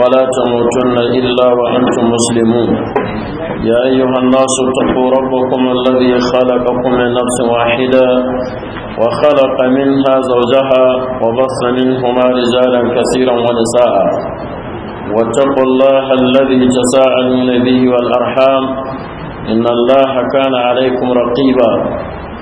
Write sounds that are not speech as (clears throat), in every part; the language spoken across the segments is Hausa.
ولا تموتن إلا وأنتم مسلمون يا أيها الناس اتقوا ربكم الذي خلقكم من نفس واحدة وخلق منها زوجها وبص منهما رجالا كثيرا ونساء واتقوا الله الذي تساءلون به والأرحام إن الله كان عليكم رقيبا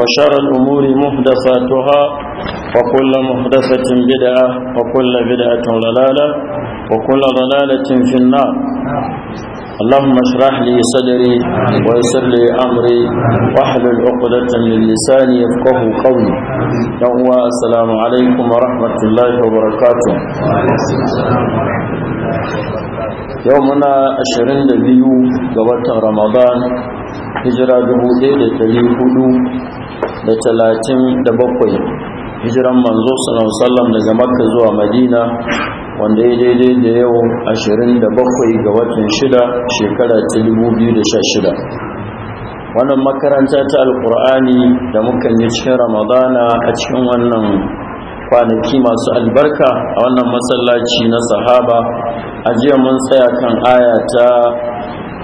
وشر الأمور محدثاتها وكل محدثة بدعة وكل بدعة ضلالة وكل ضلالة في النار اللهم اشرح لي صدري ويسر لي أمري واحلل عقدة من لساني يفقه قولي يوم السلام عليكم ورحمة الله وبركاته يومنا 22 ga watan Ramadan hijira dubu ɗaya da ɗari hudu da talatin da bakwai hijiran manzo sallam daga makka zuwa madina wanda ya daidai da yau 27 ga watan shida shekara ta 2016 wannan makaranta ta alkur'ani da mukan yi cikin ramadana a cikin wannan kwanaki masu albarka a wannan matsalaci na sahaba a jiya mun tsaya kan ayata.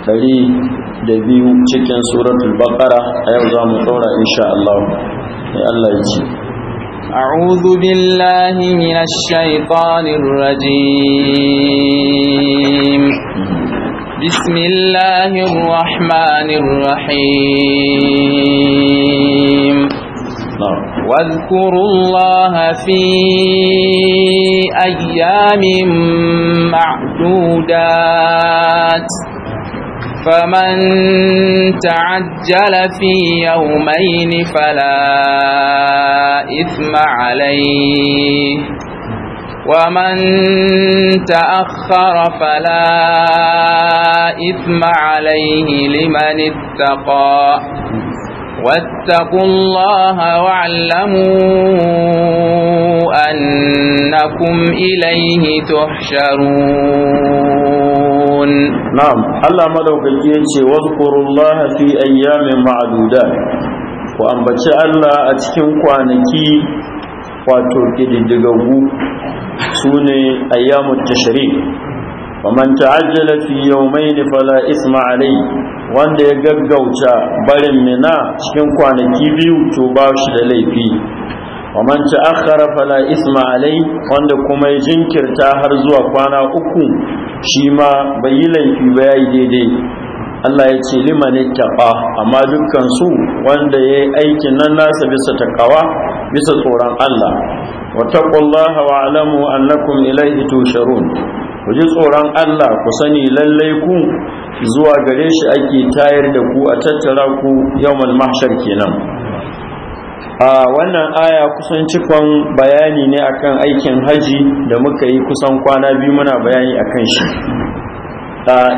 da biyu cikin suratul baqara ayau za mu tsora insha Allah ya Allah ya ci a'udhu billahi minash shaitanir rajim bismillahir فمن تعجل في يومين فلا إثم عليه ومن تأخر فلا إثم عليه لمن اتقى واتقوا الله واعلموا أنكم إليه تحشرون نعم الله ملوك الجيش واذكر الله في أيام معدودات وأنبتش الله أتكم قوانكي wato ƙididdigaggu su ne ayyamun tashari ومن تعجل في يومين فلا إثم عليه wanda ya gaggauta barin mina cikin kwanaki biyu to ba shi da laifi wa man ta'akhkhara fala isma alai wanda kuma ya jinkirta har zuwa kwana uku shi ma bai yi laifi ba yayi daidai Allah ya ce liman ittaqa amma dukkan su wanda yayi aikin nan nasa bisa takawa bisa tsoron Allah wa taqullaha wa alamu annakum ilayhi tusharun ku ji tsoron Allah ku sani lallai ku zuwa gare shi ake tayar da ku a tattara ku yawmal mahshar kenan a wannan aya kusan cikon bayani ne akan aikin haji da muka yi kusan kwana biyu muna bayani akan shi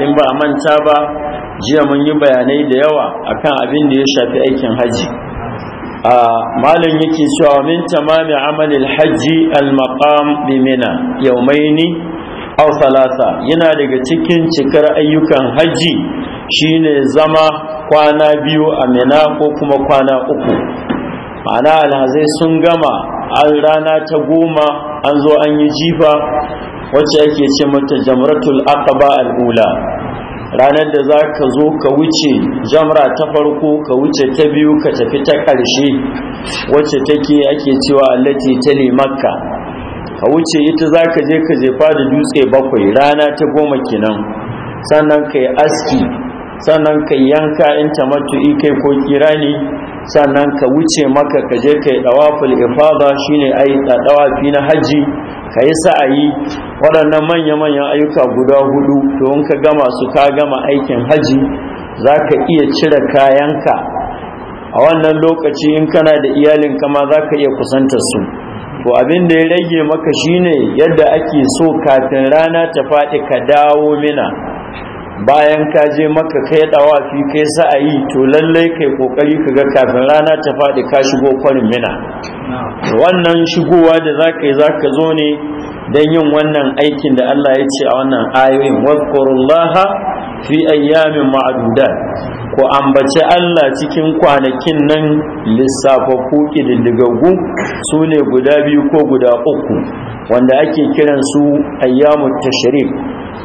in ba a manta ba jiya mun yi bayanai da yawa akan abin da ya shafi aikin haji a malin yake cewa min tamami amalil haji al-maqam bi mina yawmaini aw salasa yana daga cikin cikar ayyukan haji shine zama kwana biyu a mina ko kuma kwana uku ma'ana alhazai sun gama an rana ta goma an zo an yi jifa wacce ake ce mata jamratul aqaba al'ula ranar da za ka zo ka wuce jamra ta farko ka wuce ta biyu ka tafi ta ƙarshe wacce take ake cewa allati ta makka ka wuce ita za ka je ka jefa da dutse bakwai rana ta goma kenan sannan ka yi aski sannan ka yanka in tamattu'i kai ko kirani sannan ka wuce maka ka je kai dawaful ifada shine ai dawafi na haji kai sa'ayi waɗannan manya-manyan ayyuka guda hudu to in ka gama su ka gama aikin haji zaka iya cire kayanka a wannan lokaci in kana da iyalin kama zaka iya kusantar su to abin da ya rage maka shine yadda ake so kafin rana ta faɗi ka dawo mina bayan ka je maka kai dawafi kai sa'ayi to lallai kai kokari ka ga kafin rana ta faɗi ka shigo kwarin mina wannan shigowa da zaka yi zaka zo ne dan yin wannan aikin da Allah ya ce a wannan ayoyin waqurullaha fi ayyamin ma'adudan ku ambace Allah cikin kwanakin nan ko ƙididdigaggu su ne guda biyu ko guda uku wanda ake kiran su ayyamun tashrik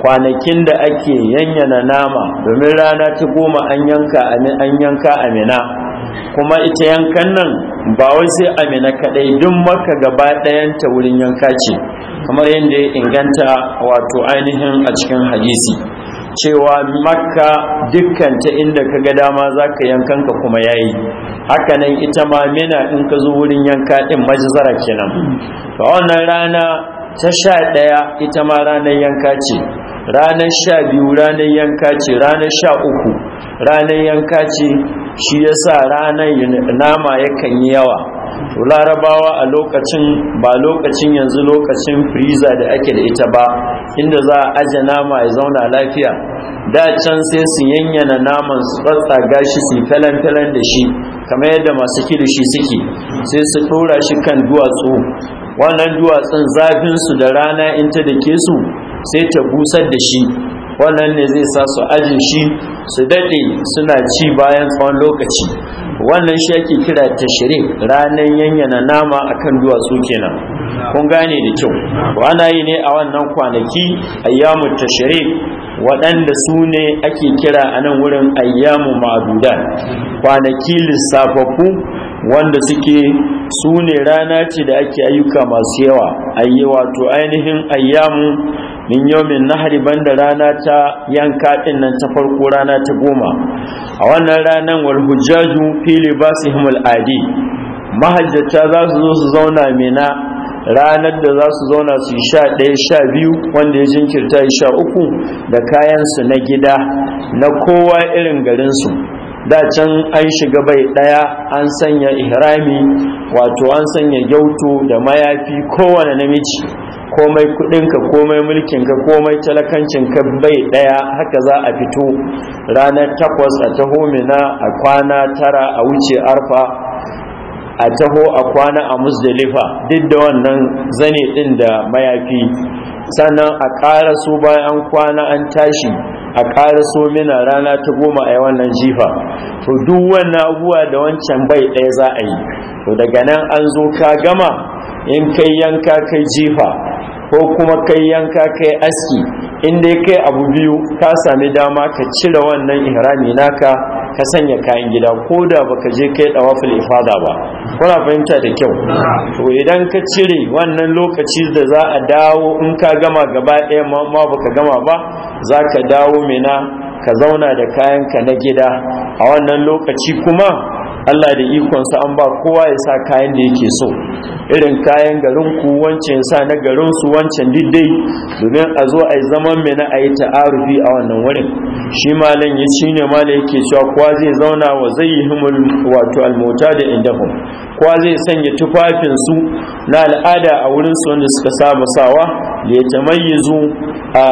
kwanakin da ake yanyana nama domin rana ta goma an yanka an yanka amina kuma ita yankan nan ba wai sai amina kadai duk maka gaba ta wurin yanka ce kamar yadda ya inganta wato ainihin a cikin hadisi cewa makka dukkan ta inda ka ga dama za ka ka kuma yayi, yi hakanan ita ma mina in ka zo wurin yanka ɗin majizara kenan ba wannan rana ta sha ɗaya ita ma ranar yanka ce ranar sha biyu ranar yanka ce ranar sha uku ranar yanka ce shi yasa ranar nama yakan yi yawa larabawa a lokacin ba lokacin yanzu lokacin friza da ake da ita ba inda za a aje nama ya zauna lafiya da can sai su yanyana naman su tsatsa gashi su falen-falen da shi kamar yadda masu kilishi suke sai su ɗora shi kan duwatsu wannan duwatsun zafin su da rana in ta dake su sai ta busar da shi wannan ne zai sa su ajin shi su daɗe suna ci bayan tsawon lokaci wannan shi ake kira tashrik ranar yanyana nama akan duwatsu kenan kun gane da kyau ana yi ne a wannan kwanaki ayyamu tashrik waɗanda su ne ake kira a nan wurin ayyamu ma'adudan kwanaki lissafaffu wanda suke su ne rana ce da ake ayyuka masu yawa ayi wato ainihin ayyamu min yawmin nahari banda rana ta yanka din nan ta farko rana ta goma a wannan ranan wal hujjaju fi libasihim al adi mahajjata za su zo su zauna mina ranar da za su zauna su sha ɗaya sha biyu wanda ya jinkirta ya sha uku da kayansu na gida na kowa irin garinsu da can an shiga bai daya an sanya ihrami wato an sanya gyautu da mayafi kowane namiji komai kudinka komai mulkinka komai talakancin ka bai daya haka za a fito ranar takwas a taho mina a kwana tara a wuce arfa a taho a kwana a musdalifa duk da wannan zane din da mayafi sannan a ƙara su bayan kwana an tashi a ƙara so mina rana ta goma a wannan jifa to duk wannan abuwa da wancan bai ɗaya za a yi to daga nan an zo ka gama in kai yanka kai jifa ko kuma kai yanka kai aski in dai kai abu biyu ka sami dama ka cire wannan ihrami naka ka sanya kayan gida ko da baka je kai wafil ifada ba kuna fahimta da kyau to idan ka cire wannan lokaci da za a dawo in ka gama gaba ɗaya ma baka gama ba za ka dawo mina ka zauna da kayanka na gida a wannan lokaci kuma Allah da ikonsa an ba kowa ya sa kayan da yake so irin kayan garin ku wancan sa na garin su wancan diddai domin a zo a yi zaman mai na a yi ta'arufi a wannan wurin shi malam ya ci ne malam yake cewa kowa zai zauna wa zai yi himul wato almota da indahum kowa zai sanya tufafin su na al'ada a wurin su wanda suka saba sawa da ya tamayyizu a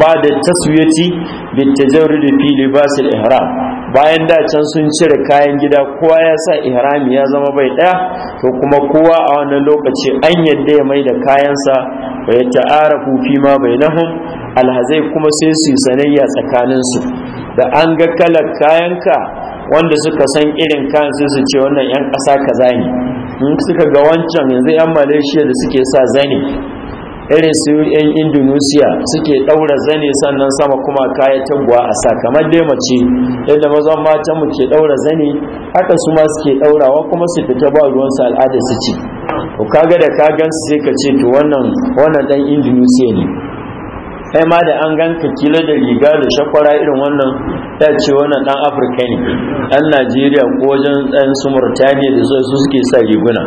ba da taswiyati bi da fi libasil ihram bayan da can sun cire kayan gida kowa ya sa ihrami ya zama bai daya to kuma kowa a wannan lokaci an yadda ya mai da kayansa bai ta'arafu fi ma bainahum alhazai kuma sai su yi sanayya tsakaninsu da an ga kalar kayanka wanda suka san irin kayan sai su ce wannan yan ƙasa kaza ne in suka ga wancan yanzu yan malaysia da suke sa zane irin su yan indonesia suke ɗaura zane sannan sama kuma kaya tagwa a sakamar dai mace yadda mazan matan mu ke ɗaura zane haka su ma suke ɗaurawa kuma su fita ba su al'ada su ce to kaga da ka su sai ka ce to wannan wannan dan indonesia ne kai ma da an ganka kila da riga da shakwara irin wannan ta ce wannan dan afirka ne dan najeriya ko wajen dan su murtaniya da su suke sa riguna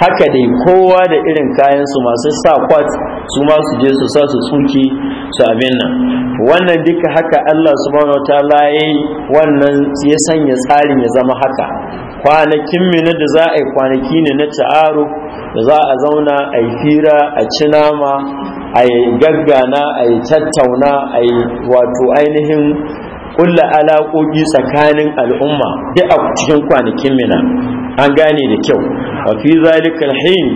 haka dai kowa da irin kayan su masu sa kwat su ma su je su sa su tsuki su abin nan wannan duka haka allah subhanahu wataala ya wannan ya sanya tsarin ya zama haka kwanakin mina da za a yi kwanaki ne na ta'aru da za a zauna a yi fira a ci nama a yi gaggana a yi tattauna a yi wato ainihin kulla alaƙoƙi tsakanin al'umma duk a cikin kwanakin mina an gane da kyau a fi zalika hin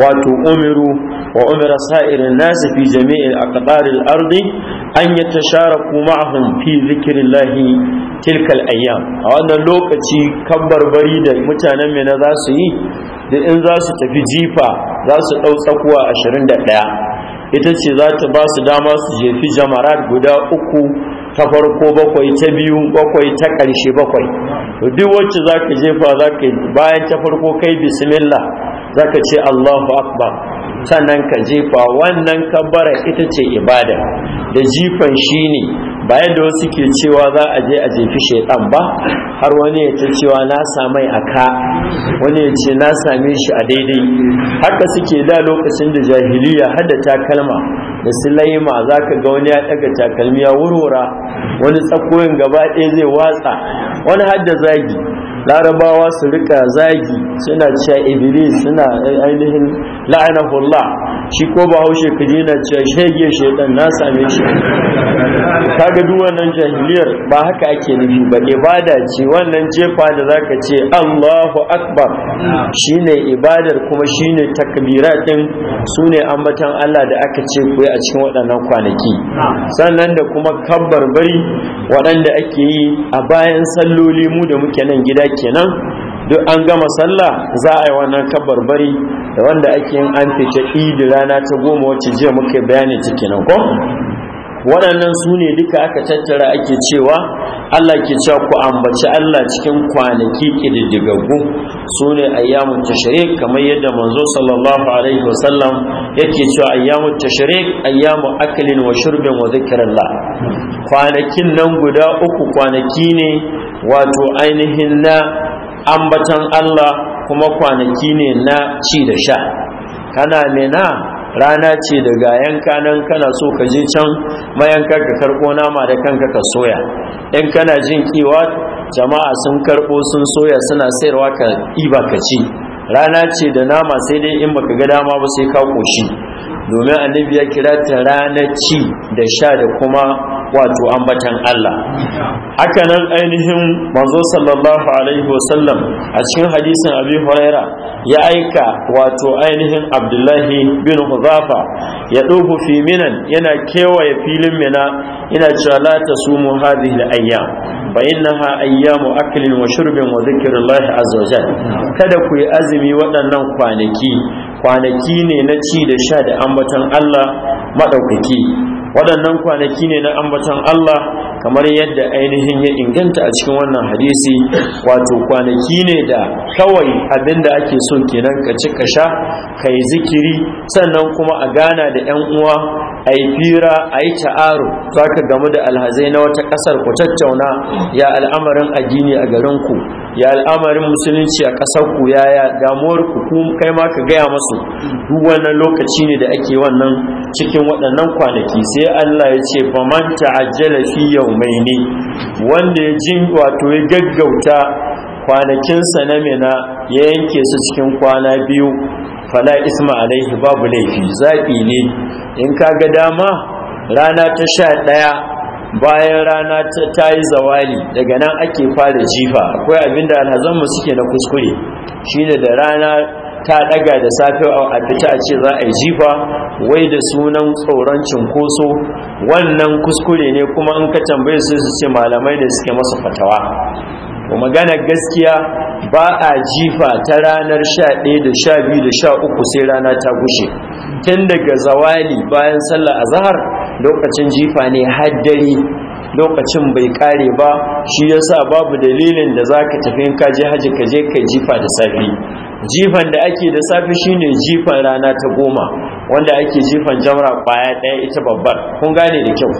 wato umiru wa umira sa'irin jami'in fi jami'il al ardi an yatasharaku ma'ahum fi zikrillah tilkal ayyam a wannan lokaci bari da mutanen me na za su yi da in za su tafi jifa za su dau tsakuwa 21 ita ce za ta ba su dama su jefi jamarat guda uku ta farko bakwai ta biyu bakwai ta ƙarshe bakwai duk wacce za ka jefa za ka bayan ta farko kai bismillah za ka ce allahu akbar sannan ka jefa wannan kabbara ita ce ibada da jifan shi ne ba yadda wasu ke cewa za a je a jefi shaidan ba har wani ya ce cewa na samai a ka wani ya ce na same shi a daidai haka suke da lokacin da jahiliya hada takalma da sulaima za ka ga wani ya daga takalmi ya wurwura wani tsakoyin gaba ɗaya zai watsa wani hadda zagi larabawa su rika zagi suna cewa iblis suna ainihin la'anahullah shi ko ba haushe ji na cewa shege shaidan na same shi kaga duk wannan jahiliyar ba haka ake nufi ba ibada ce wannan jefa da zaka ce Allahu akbar shine ibadar kuma shine takbiratin sune ambatan Allah da aka ce ku yi a cikin waɗannan kwanaki sannan da kuma kabbar bari waɗanda ake yi a bayan salloli mu da muke nan gida kenan duk an gama sallah za a yi wannan kabbar bari da wanda ake yin an fita idi rana ta goma wacce jiya muka bayani ta kenan ko waɗannan su ne duka aka tattara ake cewa Allah ke cewa ku ambaci Allah cikin kwanaki ƙididdigaggu su ne ayyamun tashirik kamar yadda manzo sallallahu alaihi wasallam yake cewa ayyamun tashirik ayyamun akalin wa shurbin wa zikirillah kwanakin nan guda uku kwanaki ne wato ainihin na ambatan Allah kuma kwanaki ne na ci da sha kana mena rana ce daga yanka nan kana so ka je can mayanka ka karɓo nama da kanka ka soya in kana jin kiwa jama'a sun karɓo sun soya suna sayarwa ka ɗiba ka ci rana ce da nama sai dai in baka ga dama ba sai ka ƙoshi. domin annabi ya kira ta ranar ci da sha da kuma wato ambatan Allah haka nan ainihin manzo sallallahu alaihi wasallam a cikin hadisin abi huraira ya aika wato ainihin abdullahi bin huzafa ya dubu fi minan yana kewaye filin mina ina cewa la tasumu hadhihi al-ayyam فإنها أيام أكل وشرب وذكر الله عز وجل kada ku yi azumi waɗannan kwanaki kwanaki ne na ci da sha da ambatan Allah maɗaukaki waɗannan kwanaki ne na ambatan Allah kamar yadda ainihin ya inganta a cikin wannan hadisi wato kwanaki ne da kawai abinda ake so kenan ka ci ka sha ka yi zikiri sannan kuma a gana da 'yan uwa a yi fira a yi ta'aro za ka gamu da alhazai na wata ƙasar ku tattauna ya al'amarin addini a garinku ya al'amarin musulunci a ƙasarku ya ya ku kai ma ka gaya masu duk wannan lokaci ne da ake wannan cikin waɗannan kwanaki sai Allah ya ce ba man ta'ajjala fi ne. wanda ya jin wato ya gaggauta kwanakinsa na mina ya yanke su cikin kwana biyu fala isma alaihi babu laifi zaɓi ne in ka ga dama rana ta sha ɗaya bayan rana ta yi zawali daga nan ake fara jifa akwai abinda alhazanmu suke na kuskure shine da rana ta daga da safe a fita a ce za a yi jifa wai da sunan tsoron cinkoso wannan kuskure ne kuma in ka tambaye su su ce malamai da suke masa fatawa magana gaskiya ba a jifa ta ranar 11 da 12 da 13 sai rana ta gushe tun daga zawali bayan sallah zahar lokacin jifa ne har lokacin bai kare ba shi yasa babu dalilin da zaka tafi in ka je haji ka je ka jifa da safi jifan da ake da safi shine jifan rana ta goma wanda ake jifan jamra kwaya ɗaya ita babbar kun gane da kyau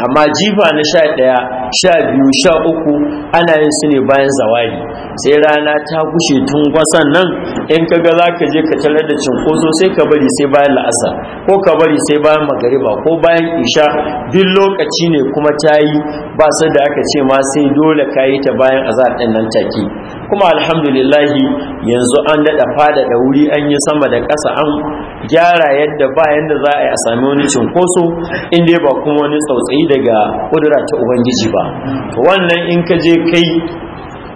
amma jifa na sha ɗaya sha biyu sha uku ana yin su ne bayan zawari sai rana ta gushe tun kwasan nan in ka ga za ka je ka tarar da cunkoso sai ka bari sai bayan la'asa ko ka bari sai bayan magariba ko bayan isha duk lokaci ne kuma ta yi ba su da aka ce ma sai dole ka yi ta bayan azar ɗin nan take kuma alhamdulillahi yanzu an daɗa fada da wuri an yi sama da ƙasa an gyara yadda ba yadda za a yi a sami wani cinkoso in ba kuma wani tsautsayi daga ƙudura ta ubangiji ba wannan in ka je kai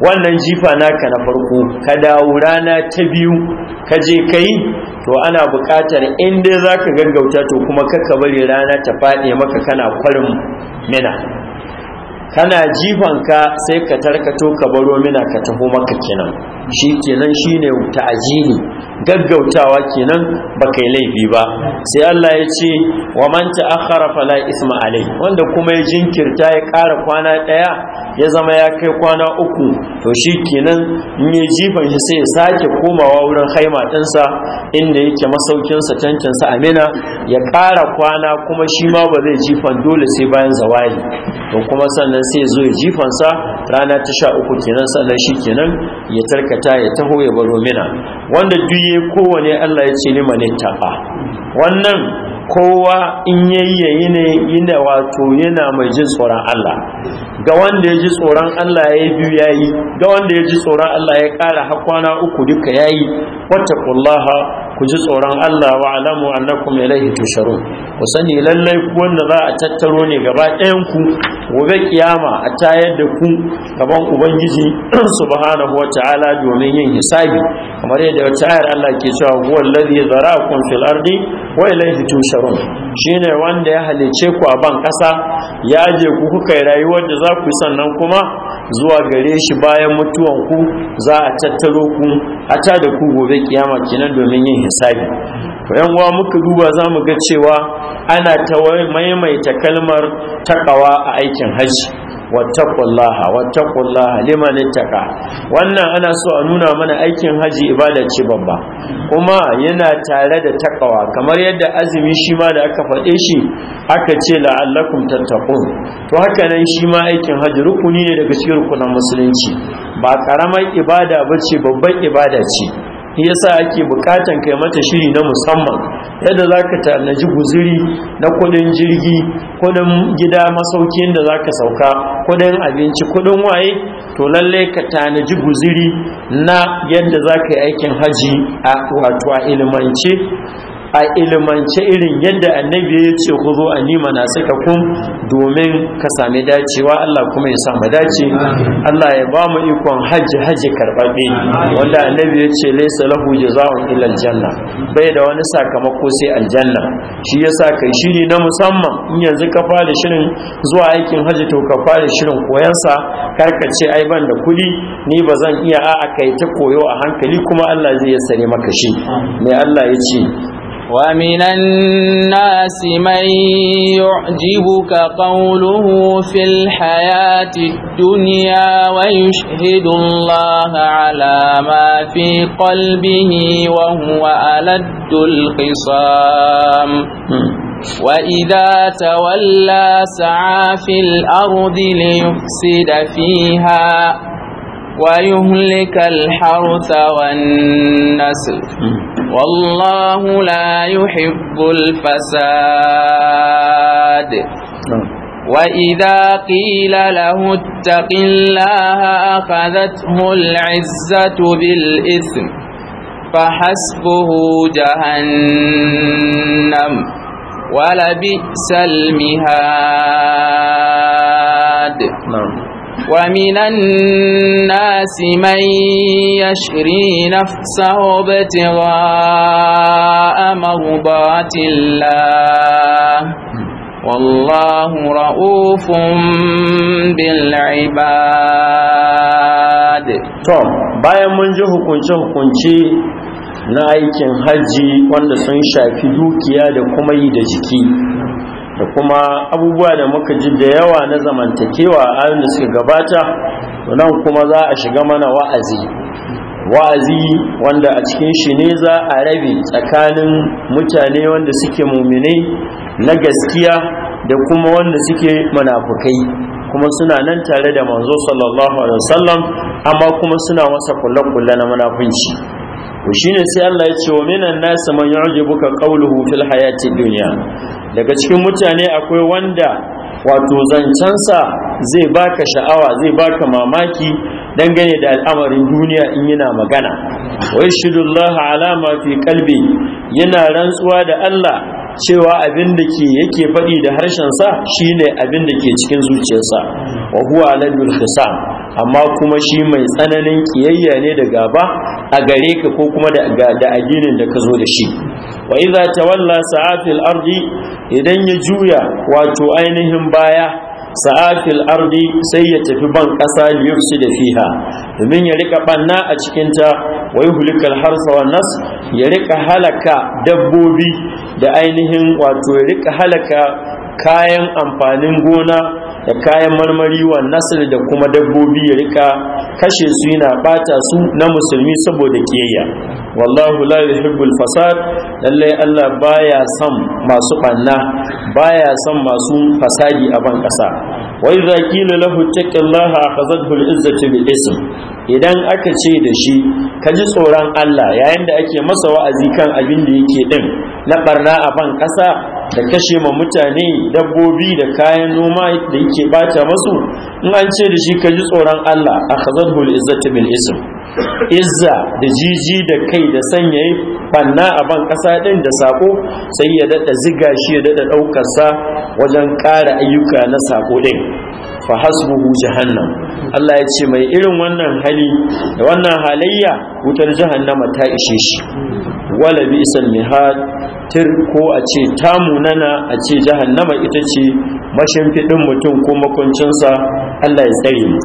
wannan jifa naka na farko ka dawo rana ta biyu ka je kai to ana buƙatar in dai za ka gaggauta to kuma kakka bari rana ta faɗi maka kana kwarin mina kana jifanka sai ka tarkato ka baro mina ka taho maka kenan shi kenan shine ta'azini gaggautawa kenan ba kai laifi ba sai Allah ya ce wa man ta'akhkhara fala isma alai wanda kuma ya jinkirta ya ƙara kwana ɗaya ya zama ya kai kwana uku to shi kenan in ya jifan shi sai ya sake komawa wurin haima ɗinsa inda yake masaukinsa sa amina ya kara kwana kuma shi ma ba zai jifan dole sai bayan zawayi to kuma sannan sai ya zo ya jifansa rana ta 13 kenan sannan shi kenan ya tarka aikata ya taho ya baro mina wanda duye kowane Allah ya ce mani ittaqa wannan kowa in yi ne yana wato yana mai jin tsoron Allah ga wanda ya ji tsoron Allah ya yi ya yayi ga wanda ya ji tsoron Allah ya ƙara hakwana uku duka yayi kullaha ku ji tsoron Allah wa alamu annakum ilaihi tusharun ku sani lallai ku wanda za a tattaro ne gaba ɗayan ku gobe kiyama a tayar da ku gaban ubangiji (clears throat) subhanahu wata'ala domin yin hisabi kamar yadda wata ayar Allah ke cewa huwal ladhi zara'akum fil ardi wa ilaihi tusharun shine wanda ya halice ku a ban kasa ya je ku kuka rayuwar da za ku sannan kuma zuwa gare shi bayan mutuwan ku za a tattaro ku a ta da ku gobe kiyama kenan domin yin misali to yan uwa muka duba za mu ga cewa ana ta maimaita kalmar takawa a aikin hajji wattaqullaha wattaqullaha liman ittaqa wannan ana so a nuna mana aikin haji ibada ce babba kuma yana tare da takawa kamar yadda azumi shi ma da aka faɗe shi aka ce la'allakum tattaqun to haka nan shi ma aikin haji rukuni ne daga cikin rukunan musulunci ba karamar ibada bace babban ibada ce yasa ake bukatan kai mata shiri na musamman yadda za ka tanaji guziri na kudin jirgi kudin gida masaukin da za ka sauka kudin abinci kudin waye to lalle ka tanaji guziri na yadda za ka yi aikin haji a wato a ilimance a ilimance irin yadda annabi ya ce ku zo a nima na saka kun domin ka sami dacewa Allah kuma ya sami dace Allah ya ba mu ikon hajji hajji karbabe wanda annabi ya ce laisa lahu jaza'un ilal aljanna bai da wani sakamako sai aljanna shi yasa kai shiri na musamman in yanzu ka fara shirin zuwa aikin hajji to ka fara shirin koyan sa kar ka ce ai ban da kuɗi ni ba zan iya a'a kai ta koyo a hankali kuma Allah zai ya sare maka shi mai Allah ya ce ومن الناس من يعجبك قوله في الحياة الدنيا ويشهد الله على ما في قلبه وهو ألد الخصام وإذا تولى سعى في الأرض ليفسد فيها ويهلك الحرث والنسل والله لا يحب الفساد نعم. وإذا قيل له اتق الله أخذته العزة بالإثم فحسبه جهنم ولبئس المهاد نعم ومن الناس من يشري نفسه ابتغاء مرضات الله والله رؤوف بالعباد to bayan mun ji hukunce hukunce na aikin hajji, wanda sun shafi dukiya da kuma yi da jiki da kuma abubuwa da muka ji da yawa na zamantakewa a da suka gabata nan kuma za a shiga mana wa'azi wa'azi wanda a cikin shi ne za a rabe tsakanin mutane wanda suke mummune na gaskiya da kuma wanda suke munafukai kuma suna nan tare da manzo sallallahu alaihi wasallam amma kuma suna masa kulle-kulle na munafunci shine sai Allah ya ce wa minan nasa man yu'jibuka qawluhu fil hayati dunya daga cikin mutane akwai wanda wato zancansa zai baka sha'awa zai baka mamaki dangane da al'amarin duniya in yana magana wa yashhadu Allah ala ma fi qalbi yana rantsuwa da Allah cewa abin da ke yake faɗi da harshen sa shine abin da ke cikin zuciyarsa wa huwa ladul hisab amma kuma shi mai tsananin kiyayya ne da gaba a gare ka ko kuma da da addinin da ka zo da shi wa idza tawalla sa'atil ardi idan ya juya wato ainihin baya sa'afil ardi sai ya tafi ban ƙasa liyufsi da fiha domin ya rika banna a cikin ta wa yuhlikal harsa wan nas ya rika halaka dabbobi da ainihin wato ya rika halaka kayan amfanin gona da kayan marmari wa nasir da kuma dabbobi ya rika kashe su yana bata su na musulmi saboda kiyayya wallahu la yuhibbul fasad lallai Allah baya son masu banna baya son masu fasadi a ban kasa wa idza qila lahu taqallaha akhazathu al bil ism idan aka ce da shi ka ji tsoron Allah yayin da ake masa wa'azi kan abin da yake din na barna a ban kasa da kashe ma mutane dabbobi da kayan noma da yake bata masu in an ce da shi ka ji tsoron Allah akhazathu al izzati bil ism izza da jiji da kai da sanya yi banna a ban ƙasa ɗin da saƙo sai ya daɗa ziga shi ya daɗa ɗaukarsa wajen ƙara ayyuka na saƙo ɗin fa hasbuhu jahannam Allah ya ce mai irin wannan hali da wannan halayya wutar jahannama ta ishe shi wala bi isal mihad ko a ce munana a ce jahannama ita ce mashimfiɗin mutum ko makoncinsa. Allah ya tsare mu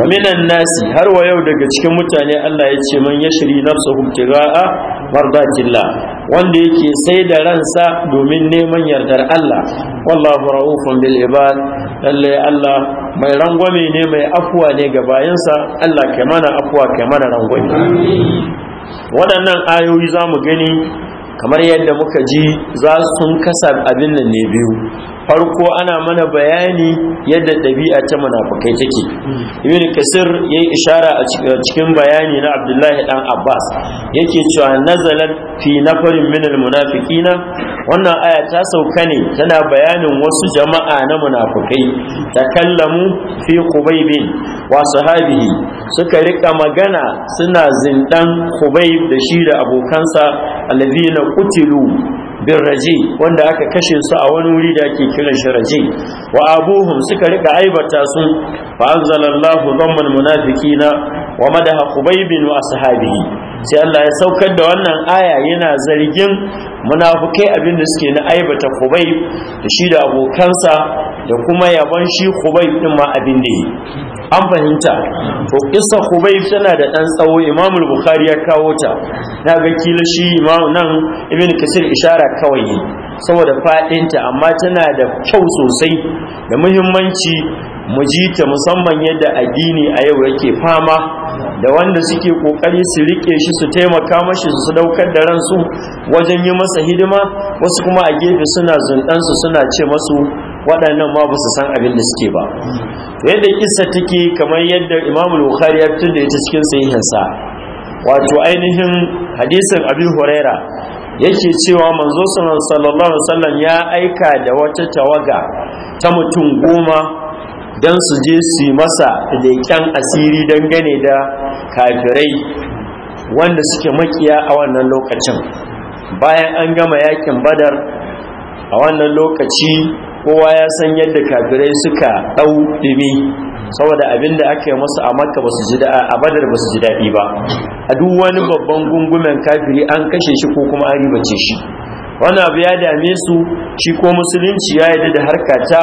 wa minan nasi har wa yau daga cikin mutane Allah ya ce man yashri nafsuhu tiraa mardatillah wanda yake sai da ransa domin neman yardar Allah wallahu ra'ufun bil ibad lalle Allah mai rangwame ne mai afuwa ne ga bayansa Allah kai mana afuwa kai mana rangwame waɗannan ayoyi za mu gani kamar yadda muka ji za sun kasa abin nan ne biyu farko ana mana bayani yadda ɗabi'a ta munafukai take ibn kasir yayi ishara a cikin bayani na abdullahi ɗan abbas yake cewa nazalat fi nafarin min na. wannan aya ta sauka ne tana bayanin wasu jama'a na munafukai takallamu fi qubaybin wa sahabihi suka rika magana suna zindan qubayb da shi da abokansa na qutilu bin raji wanda aka kashe su a wani wuri da ake kiran shi raji wa abuhum suka rika aibata su fa anzalallahu dhamman munafiqina wa madaha qubayb wa ashabihi sai Allah ya saukar da wannan aya yana zargin munafukai abin da suke na aibata kubai da shi da abokansa da kuma yaban shi kubai din ma abin da yi an fahimta to kissa kubai tana da dan tsawo imamul Bukhari ya kawo ta na ga kila shi Imam nan Ibn Kasir ishara kawai saboda fadinta amma tana da kyau sosai da muhimmanci mu ji ta musamman yadda addini a yau yake fama da wanda suke kokari su rike shi su taimaka mashi su daukar da ransu wajen yi masa hidima wasu kuma a gefe suna su suna ce masu waɗannan ma ba su san abin da suke ba yadda kissa take kamar yadda imamu bukhari ya fitar da ita cikin sahihinsa wato ainihin hadisin abi huraira yake cewa manzo sallallahu alaihi wasallam ya aika da wata tawaga ta mutum goma don su je su masa leƙen asiri dangane da kafirai wanda suke makiya a wannan lokacin bayan an gama yakin badar a wannan lokaci kowa ya san yadda kafirai suka ɗau ɗumi saboda abinda aka yi masu a makka ba su ji a badar ba su ji daɗi ba a duk wani babban gungumen kafiri an kashe shi ko kuma an ribace shi wani abu ya dame su shi ko musulunci ya yi da harka ta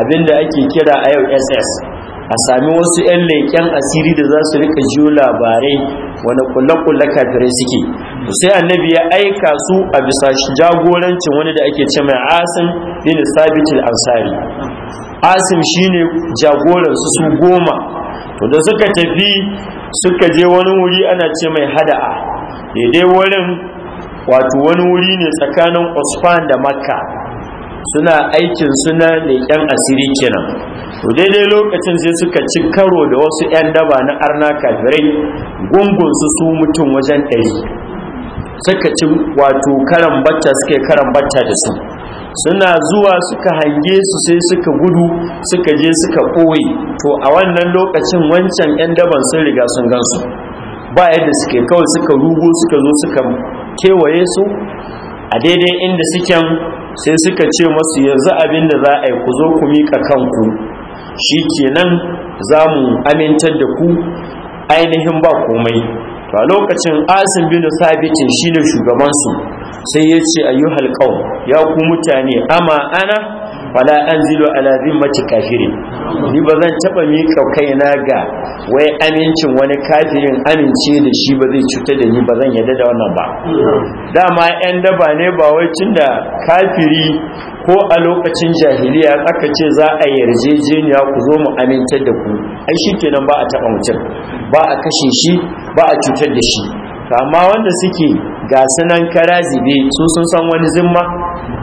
abinda ake kira a yau ss a sami wasu 'yan leƙen asiri da za su rika jiyo labarai wani kula kulle kafirai suke sai annabi ya aika su a bisa jagorancin wani da ake ce mai asin, bin sabitin ansari asim shine jagoran su su goma to da suka tafi suka je wani wuri ana ce mai hada'a daidai wurin wato wani wuri ne tsakanin osfan da makka suna aikin suna leƙen asiri kenan to daidai lokacin sai suka ci karo da wasu 'yan daba na arna kafirai gungun su su mutum wajen ɗari suka ci wato karan bacca suke karan bacca da su suna zuwa suka hange su sai suka gudu suka je suka koyi to a wannan lokacin wancan 'yan daban sun riga sun gansu ba yadda suke kawai suka rugo suka zo suka kewaye su a daidai inda suke sai suka ce masu yanzu abin da za a yi ku zo ku mika kanku shi kenan za mu amintar da ku ainihin ba komai to a lokacin asin bin sabitin shine shugabansu sai ya ce ayyuhal ya ku mutane ama ana wala anzilu ala zimmati kafirin ni ba zan taba mika na ga wai amincin wani kafirin amince da shi ba zai cuta da ni ba zan yadda da wannan ba dama yan daba ne ba wai tunda kafiri ko a lokacin jahiliya aka ce za a yarjejeniya ku zo mu amintar da ku ai shikenan ba a taba mutum ba a kashe shi ba a cutar da shi amma wanda suke ga sunan karazibe su sun san wani zimma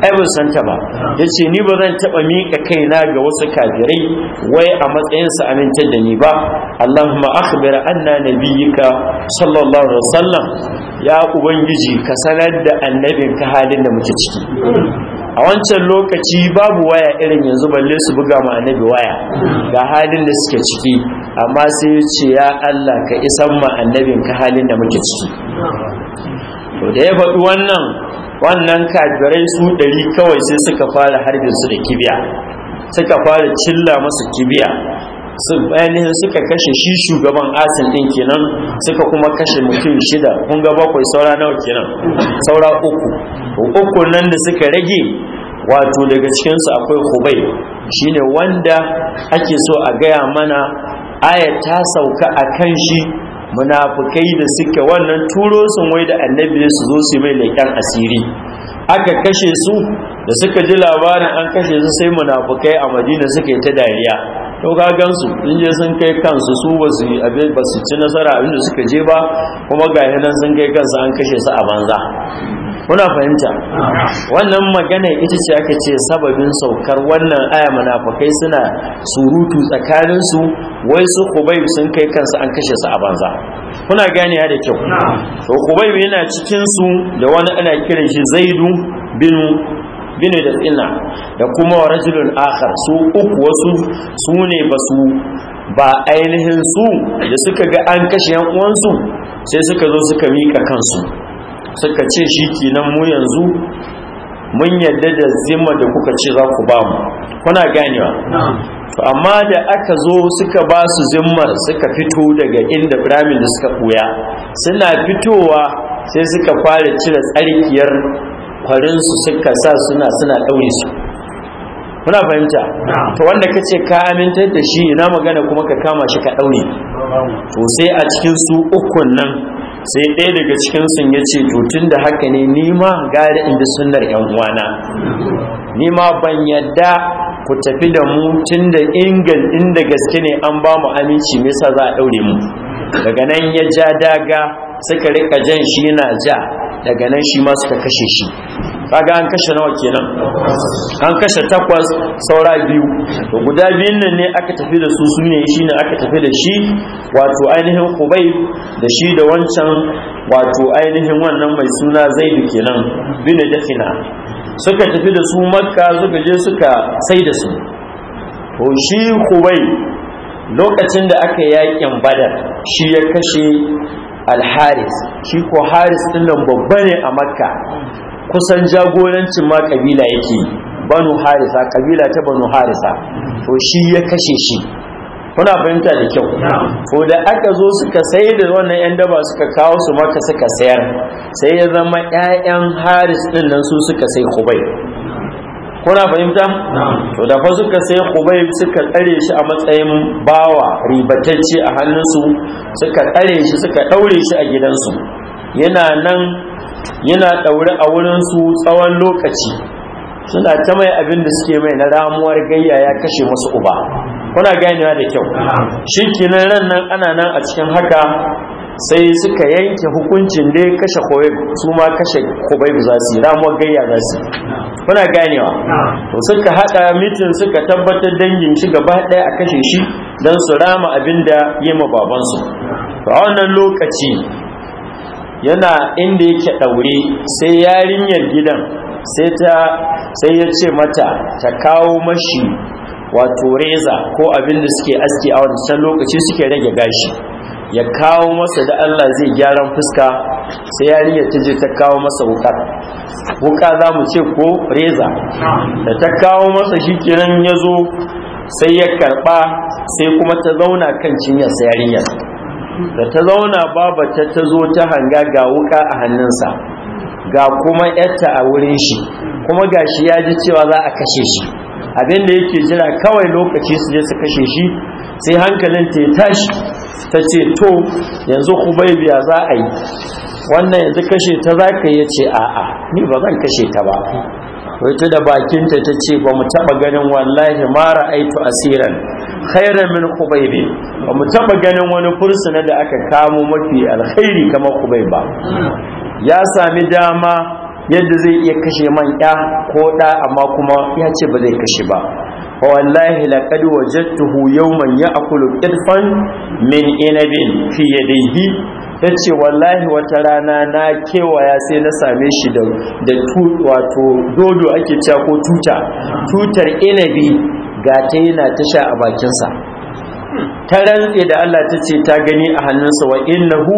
ai ban santa ba yace ni ba zan taɓa mika kaina ga wasu kafirai wai a matsayin su amintar da ni ba Allahumma akhbir anna nabiyyika sallallahu alaihi wasallam ya ubangiji ka sanar da annabin ka halin da muke ciki a wancan lokaci babu waya irin yanzu balle su buga ma annabi waya ga halin da suke ciki amma sai ya ce ya Allah ka isan ma annabin ka halin da muke ciki to da ya faɗi wannan wannan kajirai su ɗari kawai sai suka fara harbin su da kibiya suka fara cilla masa kibiya su bayanin suka kashe shi shugaban asin ɗin kenan suka kuma kashe mutum shida kun ga bakwai saura nawa kenan saura uku uku nan da suka rage wato daga cikinsu akwai Shi shine wanda ake so a gaya mana aya ta sauka a kan shi munafukai da suke wannan turo sun wai da annabi su zo su mai leƙen asiri aka kashe su da suka ji labarin an kashe su sai munafukai a madina suka yi ta dariya to gan su sun je sun kai kansu su ba su ba su ci nasara abinda suka je ba kuma ga nan sun kai kansu an kashe su a banza muna fahimta wannan magana ita ce aka ce sababin saukar wannan aya munafakai suna surutu tsakaninsu su wai su Khubayb sun kai kansu an kashe su a banza kuna gane da kyau to kubaib yana cikin su da wani ana kiran shi Zaidu bin bin da tsina da kuma rajulun akhar su uku wasu su ne ba su ba ainihin su da suka ga an kashe yan uwansu sai suka zo suka mika kansu suka ce shi kenan mu yanzu mun yadda da zima da kuka ce za ku ba mu kuna ganewa amma da aka zo suka ba su zimmar suka fito daga inda firamin da suka koya suna fitowa sai suka fara cire tsarkiyar kwarinsu suka sa suna suna ɗaure su kuna fahimta to wanda ka ce ka amintar da shi ina magana kuma ka kama shi ka ɗaure to sai a cikin su ukun nan sai ɗaya daga cikinsu ya ce tun da haka ne nima gari in bi sunnar yan uwana nima ban yadda ku tafi da mu tun da ingal inda gaske ne an ba mu aminci me za a ɗaure mu daga nan ya ja daga suka rika jan shi yana ja daga nan shi ma suka kashe shi kaga an kashe nawa kenan an kashe takwas saura biyu to guda biyun nan ne aka tafi da su sune shi ne aka tafi da shi wato ainihin kubai da shi da wancan wato ainihin wannan mai suna zaidu kenan bin dakina suka tafi da su makka suka je suka sai da su to shi kubai lokacin da aka yakin badar shi ya kashe Alharis, shi ko haris din nan babba ne a makka kusan jagorancin ma kabila yake banu harisa kabila ta banu harisa to shi ya kashe shi kuna fahimta da kyau ko da aka zo suka sai da wannan yan daba suka kawo su maka suka sayar sai ya zama 'ya'yan haris din nan su suka sai kubai kuna fahimta to da fa suka sai kubai suka tsare shi a matsayin bawa ribatacce a hannunsu suka tsare shi suka ɗaure shi a gidansu yana nan yana daure a wurinsu tsawon lokaci suna ta mai abin da suke mai na ramuwar gayya ya kashe masu uba kuna ganewa da kyau shi kinan ran nan ana nan a cikin haka sai suka yanke hukuncin da kashe kubaib su ma kashe kubaib za su yi ramuwar gayya za su kuna ganewa to suka hada mitin suka tabbatar dangin shi gaba daya a kashe shi don su rama abin da yi ma babansu a wannan lokaci yana inda yake ɗaure sai yarinyar gidan sai ta sai ya ce mata ta kawo mashi wato reza ko abin da suke aski a wancan lokaci suke rage gashi ya kawo masa da Allah zai gyaran fuska sai yarinyar ta je ta kawo masa wuka wuka za mu ce ko reza da ta kawo masa shi kiran ya zo sai ya karba sai kuma ta zauna kan cinyarsa yarinyar da ta zauna baba ta ta zo ta hanga ga wuka a hannunsa ga kuma yarta a wurin shi kuma gashi ya ji cewa za a kashe shi Abinda yake jira kawai lokaci su je su kashe shi sai hankalin ta tashi ta ce to yanzu hubaibiya za a yi wannan yanzu kashe ta za ka yi ce a'a ni ba zan kashe ta ba wato da bakinta ta ce ba mu taba ganin wallahi mara aitu asiran khairan min Hubaibi. ba mu taba ganin wani fursuna da aka kamo mafi alkhairi kamar Hubaiba. ya sami dama yadda zai iya kashe man ya ko ɗa amma kuma ya ce ba zai kashe ba wallahi laqad wajadtuhu yawman ya'kulu qidfan min inabin fi yadayhi yace wallahi wata rana na ya sai na same shi da da wato dodo ake cewa ko tuta tutar inabi ga ta yana tasha a bakinsa ta rantse da Allah ta ce ta gani a hannunsa wa innahu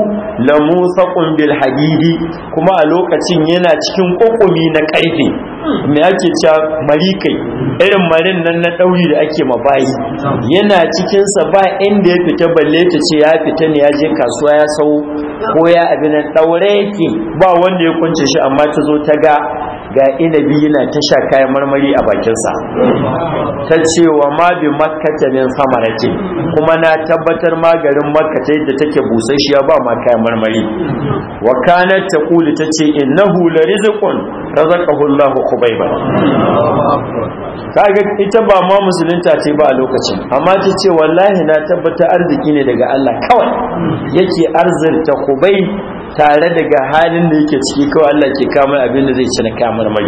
la musaqun bil hadidi kuma a lokacin yana cikin kokumi na karfe me ake cewa marikai irin marin nan na dauri da ake ma bayi. yana cikin sa ba inda ya fita balle ta ce ya fita ne ya je kasuwa ya sau ko ya abin daure yake ba wanda ya kunce shi amma ta zo ta ga ga inabi yana ta sha kayan marmari a bakinsa ta ce wa ma bi makkata min samarati kuma na tabbatar maganin makkata da take busasshiya ba ma kayan marmari wa kanat taqulu tace innahu la rizqun razaqahu Allahu khubayba kaga ita ba ma musulunta ce ba a lokaci. amma ta ce wallahi na tabbatar arziki ne daga Allah kawai yake ta kubai. tare daga halin da yake ciki kawai Allah ke kamar abin da zai ci na kamar mai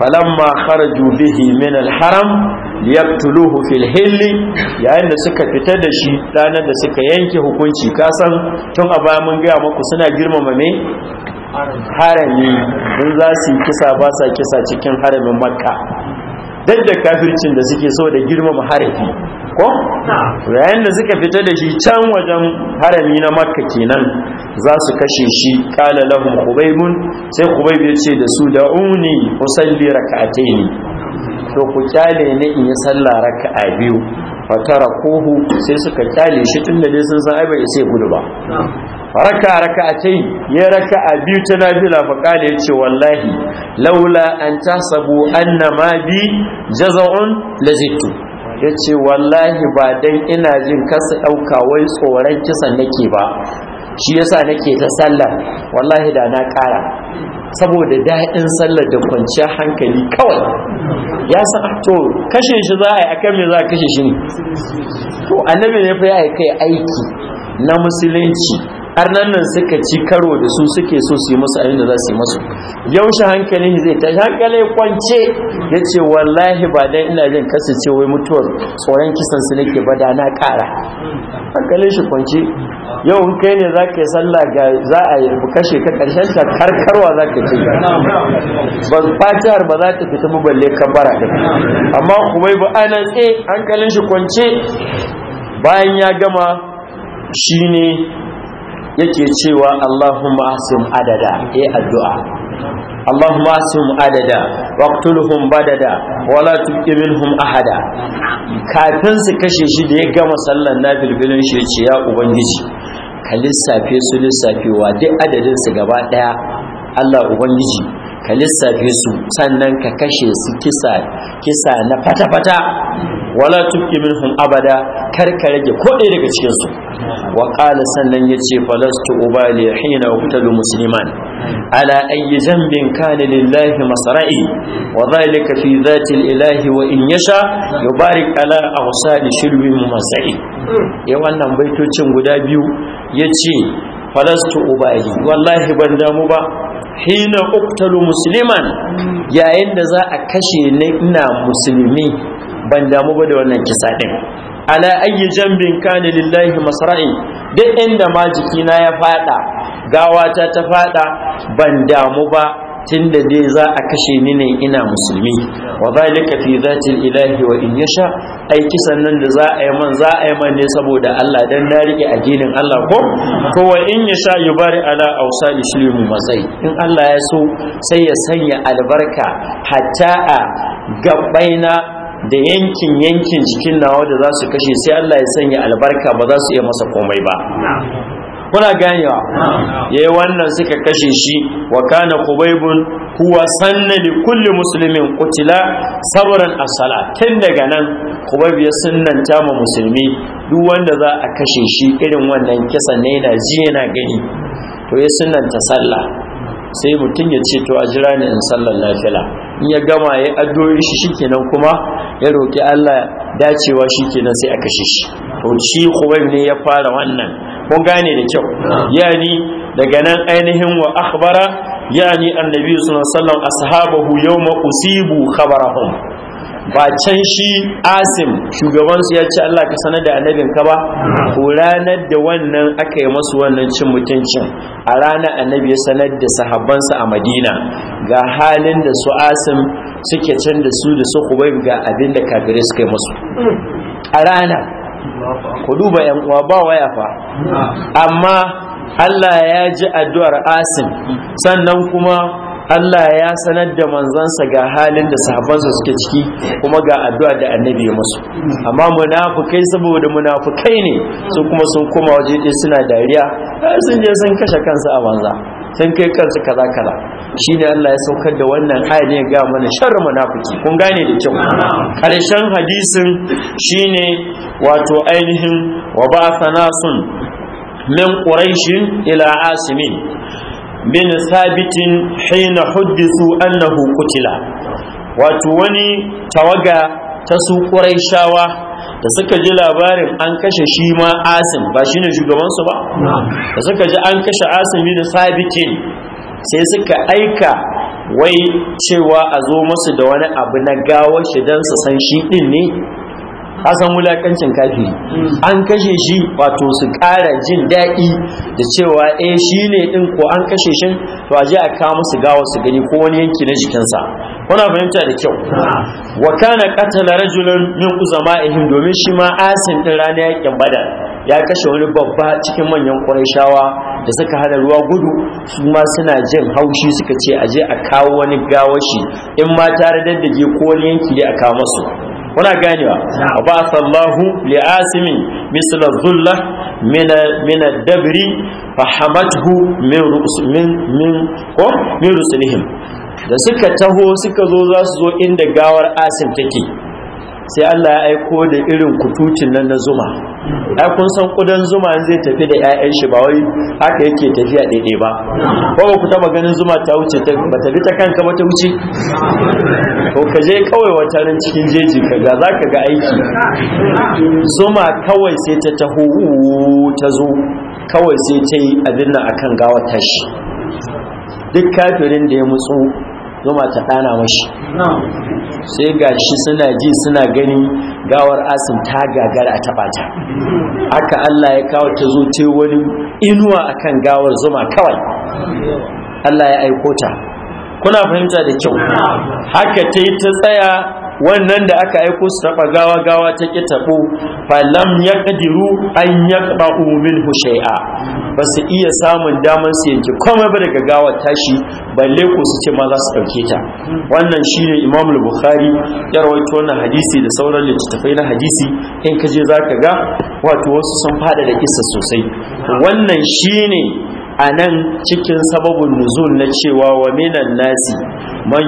falamma kharaju bihi min alharam liyaqtuluhu fil hilli yayin da suka fita da shi ranar da suka yanke hukunci kasan tun a baya mun gaya muku suna girmama ne harami in za su yi kisa ba sa kisa cikin haramin makka duk da kafircin da suke so da girmama harafi ko yayin da suka fita da shi can wajen harami na makka kenan za su kashe shi kala lahum kubaibun sai khubayb ya ce da su da da'uni usalli ne to ku kyale ne in yi sallah a biyu fatara kohu sai suka kyale shi tun da dai sun san ai bai gudu ba raka raka a tai ya raka a biyu ta nafila faƙali ya ce wallahi laula an an na ma bi jaza'un la zittu ya ce wallahi ba dan ina jin kasa ɗauka wai tsoron kisan nake ba shi yasa nake ta sallar wallahi da na ƙara saboda daɗin sallar da kwanciyar hankali kawai ya sa ah, to kashe shi za a yi akan me za a kashe shi ne to annabi ne fa ya kai aiki na musulunci arnan nan suka ci karo da su suke so su yi musu abin da za su yi musu yaushe ne zai tashi hankali kwance ya ce wallahi ba dan ina jin kasa wai mutuwar tsoron kisan su nake ba da na kara hankalin shi kwance yau in kai ne za ka yi sallah ga za a yi kashe ka karshen ta karkarwa za ka ce ba fatihar ba za ta fita mu balle kabara din amma kuma ba anan tse hankalin shi kwance bayan ya gama shine yake cewa Allahumma asim adada ya addu'a Allahumma asim adada waqtulhum badada wala tubqi minhum ahada kafin su kashe shi da ya gama sallan nafilbilin shi yace ya ubangiji ka lissafe su lissafewa duk adadin su gaba daya Allah ubangiji ka lissafe su sannan ka kashe su kisa kisa na fata-fata wala tubqi minhum abada kar ka rage ko daga cikin su wa qala sannan yace falastu ubali hina uqtalu musliman ala ayi zambin kana lillahi masra'i wa zalika fi dhati ilahi wa in yasha yubarik ala awsali shirbi masai ya wannan baitocin guda biyu yace falastu ubali wallahi ban damu ba hina uktalu musliman yayin da za a kashe na ina musulmi ban damu ba da wannan kisa din ala ayi jambin kana lillahi masra'i duk inda ma jikina ya fada gawata ta fada ban damu ba da dai za a kashe ni ne ina musulmi wa zalika fi zatil ilahi wa in yasha ai kisan nan da za a yi man za a yi man ne saboda Allah dan na rike addinin Allah ko ko wa in yasha yubari ala awsali shilmu masai in Allah ya so sai ya sanya albarka hatta a gabbaina da yankin yankin cikin nawa da za su kashe sai Allah ya sanya albarka ba za su iya masa komai ba kuna ganewa yayi wannan suka kashe shi wa kana qubaybun huwa sanna li kulli muslimin qutila sabran as-sala tun daga nan kubaib ya sunnanta ma musulmi duk wanda za a kashe shi irin wannan kisan na yana ji yana gani to ya ta sallah sai mutum ya ce to a jira ni in sallar lafila in ya gama ya addu'o'i shi shikenan kuma ya roki Allah dacewa shikenan sai a kashe shi to shi ne ya fara wannan kun gane da kyau yani daga nan ainihin wa akhbara yani annabi sallallahu alaihi wasallam ashabahu yawma usibu khabarahum ba can shi asim shugabansu ya ci Allah ka sanar da annabin ka ba ko ranar da wannan aka yi masu wannan cin mutuncin a ranar annabi ya sanar da sahabbansa a madina ga halin da su asim suke can da su da su kubai ga abinda da kafirai suka yi masu a rana ku duba yan uwa ba waya fa amma Allah ya ji addu'ar asim sannan kuma Allah ya sanar da manzansa ga halin da sahabansa suke ciki kuma ga addu'a da annabi ya musu amma munafukai saboda munafukai ne su kuma sun koma waje ɗaya suna dariya sun je sun kashe kansu a manza, sun kai kansu kaza kaza shine Allah ya saukar da wannan aya ya ga mana sharri munafiki kun gane da kyau karshen hadisin shine wato ainihin wa ba sun min quraishin ila asimin bin sabitin haina huddisu annahu kutila wato wani tawaga ta su shawa da suka ji labarin an kashe shi ma asim ba shine shugabansu ba da suka ji an kashe asim bin sabitin sai suka aika wai cewa a zo masu da wani abu na gawar shi don su san shi din ne kasan wulakancin kafiri an kashe shi wato su ƙara jin daɗi da cewa eh shi ne ɗin ko an kashe shi to aje a kawo musu gawa su gani ko wani yanki na jikinsa kuna fahimta da kyau wa kana qatala rajulan min uzama'ihim domin shi ma asin ɗin rana yakin badar ya kashe wani babba cikin manyan qurayshawa da suka hada ruwa gudu su ma suna jin haushi suka ce a je a kawo wani gawashi in ma tare daddage ko wani yanki da a kawo muna ganewa ba sallahu li asimi misla zulla min dabri fa hamathu min min min ko min rusulihim da suka taho suka zo za su zo inda gawar asim take sai Allah ya aiko da irin kututun nan na zuma ai kun san kudan zuma zai tafi da 'ya'yan shi ba wai haka yake tafiya daidai ba ko ba ku taba ganin zuma ta wuce ta ba ta bi ta kanka ba ta wuce Ko ka je kawai wata ran cikin jeji ka ga zaka ga aiki zuma kawai sai ta taho ta zo kawai sai ta yi abin nan akan gawa tashi duk kafirin da ya mutsu zuma ta ɗana mashi sai ga shi suna ji suna gani gawar asin ta gagara a taɓata haka allah ya kawo ta zo ta wani inuwa akan gawar zuma kawai allah ya aiko ta kuna fahimta da kyau haka ta yi ta tsaya wannan da aka aiko su taɓa gawa gawa ta ƙi taɓo falam ya ƙadiru an ya ƙa'u minhu ba su iya samun damar su yanke komai ba daga gawa tashi balle ko su ce ma za su ɗauke ta wannan shine imam al bukhari ya rawaito wannan hadisi da sauran littattafai na hadisi in ka je za ka ga wato wasu sun faɗa da kisa sosai wannan shine a nan cikin sababin nuzul na cewa wa minan nasi man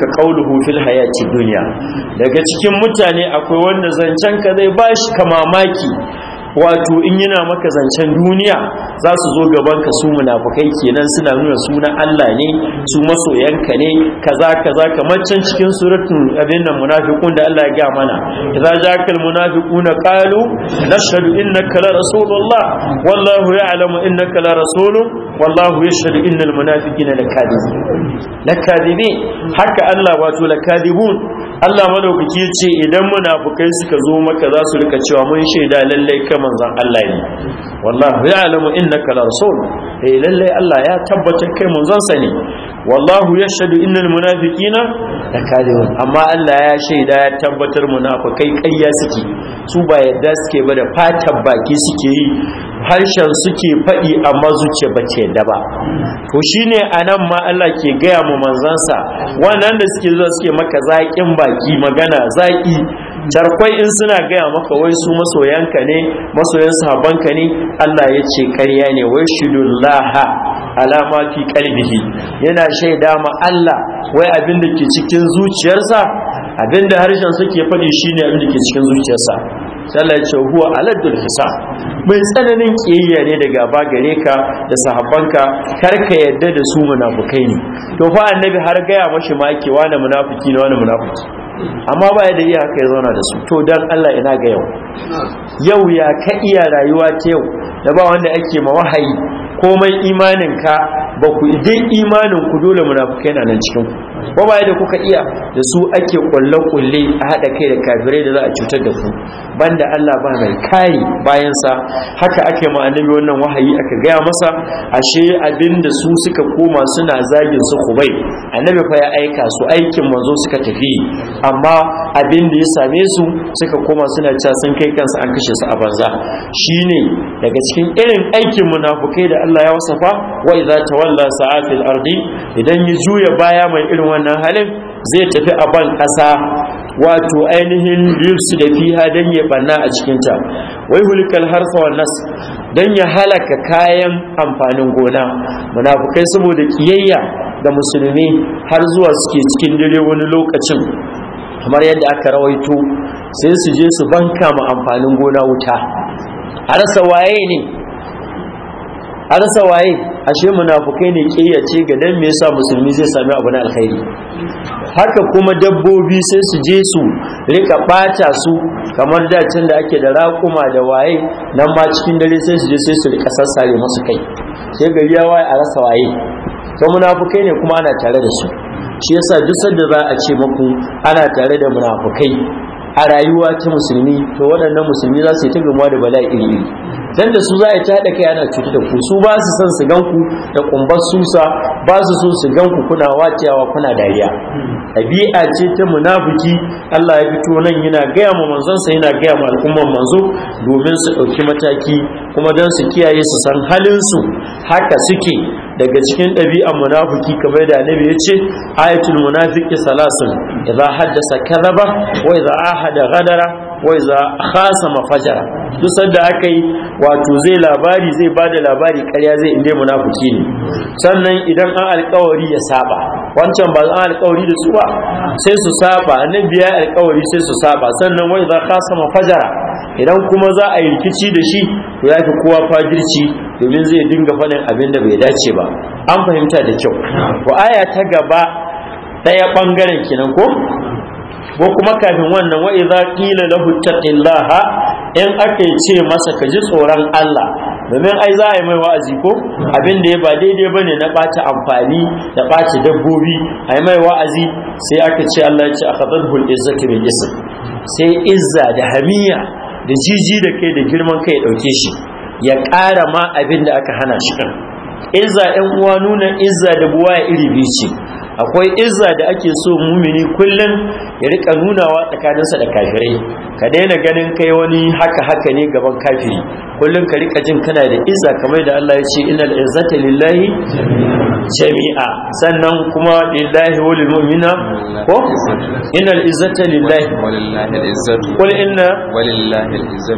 ka kauluhu fil hayati duniya, daga cikin mutane akwai wanda zancen ka zai bashi kamamaki wato in yana maka zancen duniya za su zo gaban ka su munafukai kenan suna nuna suna Allah ne su masoyanka ne kaza kaza kamar can cikin suratul abin nan munafiqun da Allah ya ga mana idza jaakal munafiquna qalu nashhadu innaka la rasulullah wallahu ya'lamu innaka la rasulun wallahu yashhadu innal munafiqina lakadibun lakadibin haka Allah wato lakadibun Allah madaukaki ya ce idan munafukai suka zo maka za su rika cewa mun shaida lallai ka manzon Allah ne wallahi ya'lamu innaka la rasul eh lallai Allah ya tabbatar kai manzon sa ne wallahu yashhadu innal munafiqina lakadibun amma Allah ya shaida ya tabbatar munafukai kayya suke su ba yadda suke ba da fatan baki suke yi harshen suke faɗi amma zuciya ba ce da ba to shine anan ma Allah ke gaya mu sa wannan da suke zuwa suke maka zaƙin ba baki magana zaki jarkwai in suna gaya maka wai su masoyanka ne masoyan sahabanka ne Allah ya ce ƙarya ne wai shudullaha alama fi kalbihi yana shaida ma Allah wai abin da ke cikin zuciyarsa abin da harshen suke faɗi shine abin da ke cikin zuciyarsa Allah ya ce huwa aladul hisab mai tsananin kiyayya ne daga ba gare ka da sahabbanka kar ka yadda da su munafukai ne to fa annabi har gaya mashi ma yake wani munafiki ne wani munafiki amma ba ya da iya haka ya zauna da su to don Allah ina ga yau yau ya ka iya rayuwa ta yau da ba wanda ake ma wahayi komai imaninka ba ku dai imanin ku dole munafukai na nan cikin ku ba ba da kuka iya da su ake kulle kulle a hada kai da kafirai da za a cutar da su banda Allah ba mai kai bayan sa haka ake ma annabi wannan wahayi aka gaya masa ashe abinda su suka koma suna zagin su kubai annabi fa ya aika su aikin manzo suka tafi amma abinda ya same su suka koma suna cewa sun kai kansu an kashe su a banza shine daga cikin irin aikin munafukai da Allah ya wasafa wa idza tawalla tawalla sa'atil ardi idan ya juya baya mai irin wannan halin zai tafi a ban ƙasa wato ainihin yusu da fiha dan ya banna a cikin ta wai hulikal harsa nas dan ya halaka kayan amfanin gona munafukai saboda kiyayya da musulmi har zuwa suke cikin dare wani lokacin kamar yadda aka rawaito sai su je su banka ma amfanin gona wuta a rasa waye ne a rasa waye ashe munafukai ne kiyace ga dan me yasa musulmi zai sami abu na alkhairi haka kuma dabbobi sai su je su rika bata su kamar da can da ake da raƙuma da waye nan ma cikin dare sai su je sai su rika sassare musu kai sai gari ya waye a rasa waye to munafukai ne kuma ana tare da su shi yasa duk sanda za a ce muku ana tare da munafukai a rayuwa ta musulmi to waɗannan musulmi za su yi ta gamuwa da bala'i iri iri dan da su za a ta kai ana cuta da ku su ba su san su ganku da kumbar susa ba su so su ganku kuna waciyawa kuna dariya ɗabi'a ce ta munafiki Allah ya fito nan yana gaya ma manzonsa yana gaya ma al'umman manzo domin su ɗauki mataki kuma don su kiyaye su san halinsu haka suke daga cikin ɗabi'ar munafiki kamar da annabi ya ce ayatul munafiki salasun idza haddasa kadaba wa idza ahada ghadara wai za khasa mafajara duk sanda aka yi wato zai labari zai ba da labari karya zai inda munafuki ne sannan idan an alkawari ya saba wancan ba an alkawari da su ba sai su saba annabi biya alkawari sai su saba sannan wai za khasa mafajara idan kuma za a yi rikici da shi to ya fi kowa fajirci domin zai dinga faɗin abin da bai dace ba an fahimta da kyau ko aya ta gaba ɗaya ɓangaren kenan ko ko kuma kafin wannan wa idza qila lahu taqillaha in aka ce masa ka ji tsoron Allah domin ai za a yi mai wa'azi ko abin da ya ba daidai bane na ɓata amfani da ɓata dabbobi a yi mai wa'azi sai aka ce Allah ya ce akhadhahu al izzati bil ism sai izza da hamiya da jiji da kai da girman kai ya dauke shi ya ƙara ma abin da aka hana shi kan izza ɗan uwa nuna izza da buwa iri biyu ce akwai izza da ake so mumini kullum ya rika nunawa tsakaninsa da kafirai ka daina ganin kai wani haka haka ne gaban kafiri kullum ka rika jin kana da izza kamar da Allah ya ce innal izzata lillahi jami'a sannan kuma lillahi wa lil mu'mina ko innal izzata lillahi qul inna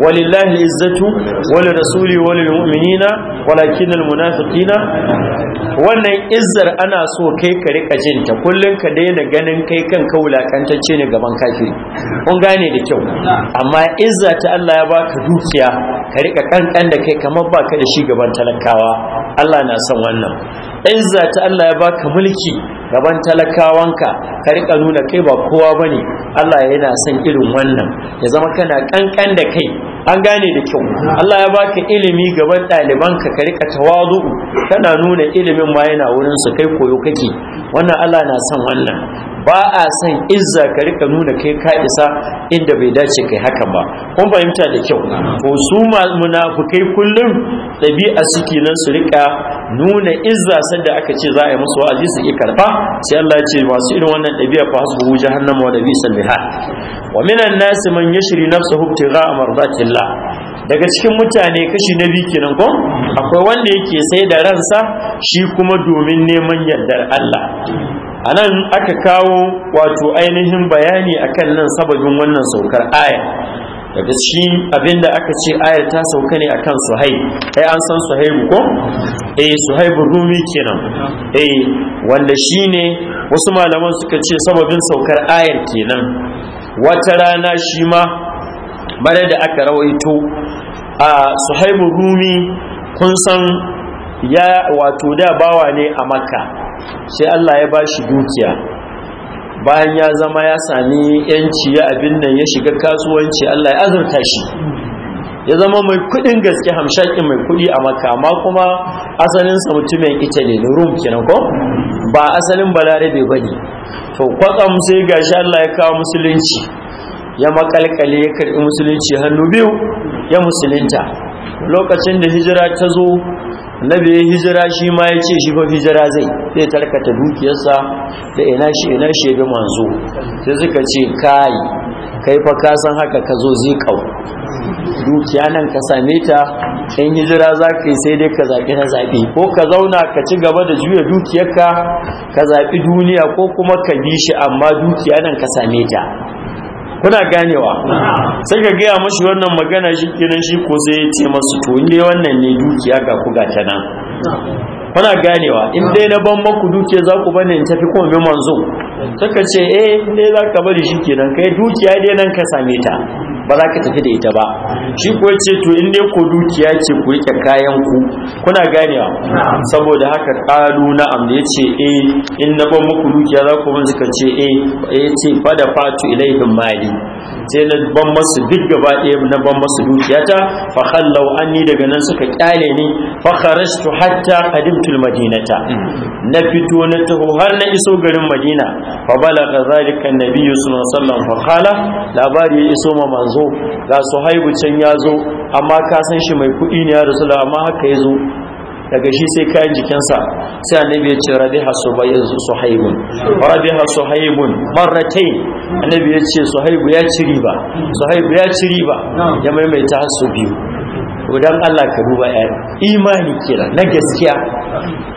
walillahi izzatu wa lil rasuli wa lil mu'minina walakinnal munafiqina wannan izzar ana so kai ka rika jinta kullum ka daina ganin kai kan ka wulakantacce ne gaban kafiri kun gane da kyau amma izza ta Allah ya baka dukiya ka rika kankan da kai kamar baka da shi gaban talakawa Allah na son wannan izza ta Allah ya baka mulki gaban talakawanka ka rika nuna kai ba kowa bane Allah yana son irin wannan ya zama kana kankan da kai an gane da kyau Allah ya baka ilimi gaban ɗalibanka ka rika tawazu kana nuna ilimin ma yana wurin su kai koyo kake wannan Allah na son wannan ba a son izza ka rika nuna kai ka isa inda bai dace kai hakan ba kun fahimta da kyau ko su munafukai kullum ɗabi'a suke nan su rika nuna izza sanda aka ce za a yi musu wa'azi su iya karfa sai Allah ce masu irin wannan ɗabi'a fa hasbuhu jahannama wa dabi mihad wa minan nasi man yashri nafsuhu ibtigha'a mardatillah daga cikin mutane kashi na biyu kenan ko akwai wanda yake sai da ransa shi kuma domin neman yardar Allah anan aka kawo wato ainihin bayani akan nan sababin wannan saukar aya daga shi abinda aka ce ayar ta sauka ne akan suhaib ai an san suhaibu ko eh suhaibu rumi kenan eh wanda shi ne wasu malaman suka ce sababin saukar ayar kenan wata rana shi ma bare da aka rawaito a suhaibu rumi kun san ya wato da bawa ne a makka sai Allah ya bashi dukiya bayan ya zama ya sami yanci ya abin nan ya shiga kasuwanci Allah ya azurta shi ya zama mai kudin gaske hamshakin mai kudi a makama amma kuma asalinsa mutumin italy ne rum kenan ko ba asalin balarabe ba ne to kwatsam sai gashi Allah ya kawo musulunci ya makalkale ya karbi musulunci hannu biyu ya musulunta lokacin da hijira ta zo annabi ya hijira shi ma ya ce shi ba hijira zai zai tarkata dukiyarsa da ina shi ina shi ga manzo sai suka ce kai kai fa ka san haka ka zo zikau dukiya nan ka same ta in hijira za ka yi sai dai ka zaɓi na zaɓi ko ka zauna ka ci gaba da juya dukiyarka ka zaɓi duniya ko kuma ka bi shi amma dukiya nan ka same ta kuna ganewa sai ka gaya mashi wannan magana shi kenan shi ko sai ya ce masu to inda wannan ne dukiya ga ku ga ta nan kuna ganewa in dai na ban maku dukiya za ku bane in tafi kuma manzo ka ce eh in dai za ka bari shi kenan kai dukiya dai nan ka same ta ba za ka tafi da ita ba shi ko ce to in dai ko dukiya ce ku rike kayan ku kuna ganewa saboda haka qalu na'am da yace eh in na ba muku dukiya za ku mun suka ce eh yace fa da fatu ilaihim mali sai na ban masu duk gaba ɗaya na ban masu dukiyata fa khallau anni daga nan suka kyale ni fa kharajtu hatta qadimtu almadinata mm. na fito na taho har na iso garin madina fa balaga zalika annabiyyu sallallahu alaihi wasallam fa qala labari ya iso ma manzo zo ga su haibu can ya zo amma ka san shi mai kuɗi ne ya rasu da amma haka ya zo daga shi sai kayan jikinsa sai annabi ya ce Rabi rabiha subayyansu suhaibun rabiha suhaibun marratai annabi ya ce suhaibu ya ci riba haibu ya ci riba ya maimaita har biyu to Allah ka duba yayi imani kira na gaskiya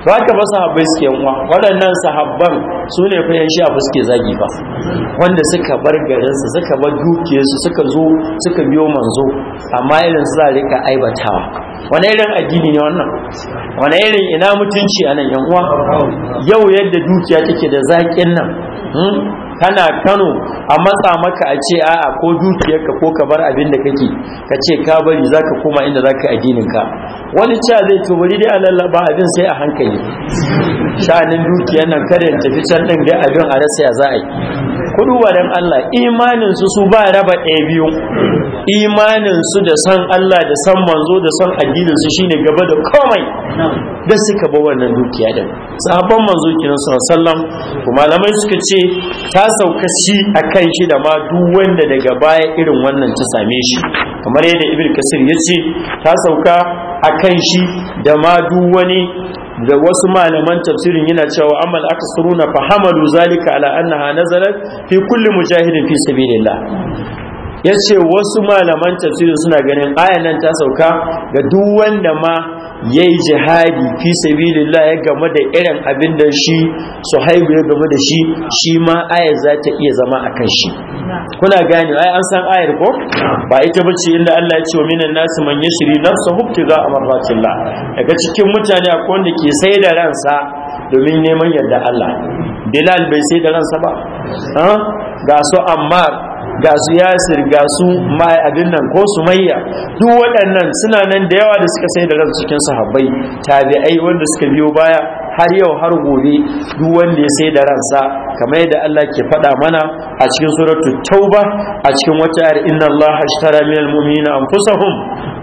ba ka ba sahabbai suke uwa? waɗannan sahabban su ne fa yan shafa suke zagi ba wanda suka bar garin su suka bar dukiyarsu suka zo suka biyo manzo amma irin su za rika aibatawa wani irin addini ne wannan wani irin ina mutunci nan yan uwa yau yadda dukiya take da zaƙin nan hmm? kana kano a matsa maka a ce a'a ko dukiyarka ko ka bar abin da kake ka ce ka bari za ka koma inda za ka addinin ka wani cewa zai to bari dai alalla ba abin sai a hankali sha'anin dukiyar nan kada ya tafi can ɗin dai abin a rasa ya za a yi hudu dan Allah imaninsu su ba raba ɗaya biyu imaninsu da san Allah da san manzo da san addinin su shine gaba da komai da suka ba wannan dukiya din sahabban manzo kiran su sallam kuma malamai suka ce ta sauka shi akan shi da ma duk wanda daga baya irin wannan ta same shi kamar yadda ibn kasir ce ta sauka akan shi da ma duk wani da wasu malaman tafsirin yana cewa amal aka fa hamalu zalika ala annaha nazalat fi kulli mujahidin fi sabilillah yace wasu malaman tafsirin suna ganin ayan nan ta sauka ga duk wanda ma ya yi jihadi fi sabilillah ya game da irin abin da shi su suhaibu ya game da shi shi ma ayar za ta iya zama a kan shi kuna gani ai an san ayar ko ba ita ba ce inda Allah ya ce wa minan nasu man yashri za a amratillah daga cikin mutane akwai wanda ke sai da ransa domin neman yarda Allah Bilal bai sai da ransa ba ga su Ammar ga su yasir ga su mai abin nan ko sumayya duk waɗannan suna nan da yawa da suka sai da ransu cikin sahabbai tabi'ai wanda suka biyo baya har yau har gobe duk wanda ya sai da ransa kamar yadda Allah ke faɗa mana a cikin suratu tauba a cikin wata ayar inna Allah ashtara min almu'minina anfusahum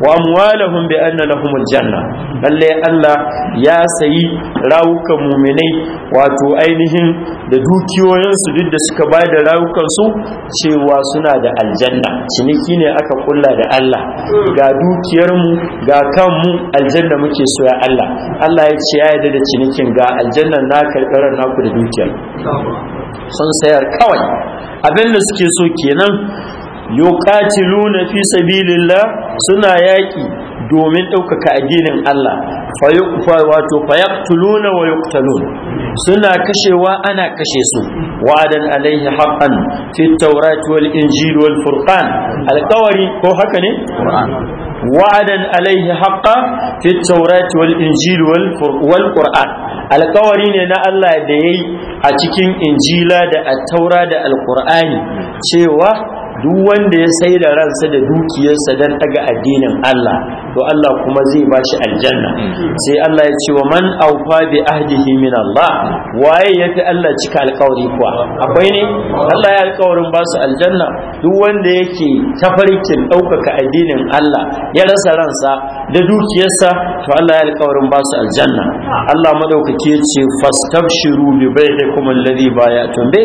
wa amwalahum bi anna lahumul janna lalle Allah ya sayi rawukan mu'minai wato ainihin da dukiyoyin su duk da suka bayar da rawukan su cewa suna da aljanna ciniki ne aka kulla da Allah ga dukiyarmu ga kanmu aljanna muke so Allah Allah ya ce ya yarda da ciniki nufin ga aljannan na karɓarar naku da dukiyar sun sayar kawai abin da suke so kenan luna fi sabilillah suna yaƙi domin ɗaukaka addinin Allah wato fayaqtuluna wa yuqtalun suna kashewa ana kashe su wa'adan alaihi haƙan fi at-taurati wal injil ko haka ne وعدا عليه حقا في التوراة والإنجيل والقرآن alkawari ne na Allah da ya yi a cikin injila da attaura da alkur'ani cewa duk wanda ya sai da ransa da dukiyarsa don daga addinin Allah to Allah kuma zai ba shi aljanna sai Allah ya ce wa man aufa bi ahdihi min Allah waye ya yafi Allah cika alkawari kuwa akwai ne Allah ya alkawarin ba su aljanna duk wanda yake tafarkin ɗaukaka addinin Allah ya rasa ransa da dukiyarsa to Allah ya alkawarin ba su aljanna Allah madaukaki ya ce fastabshiru bi baihikum alladhi baya'tum bi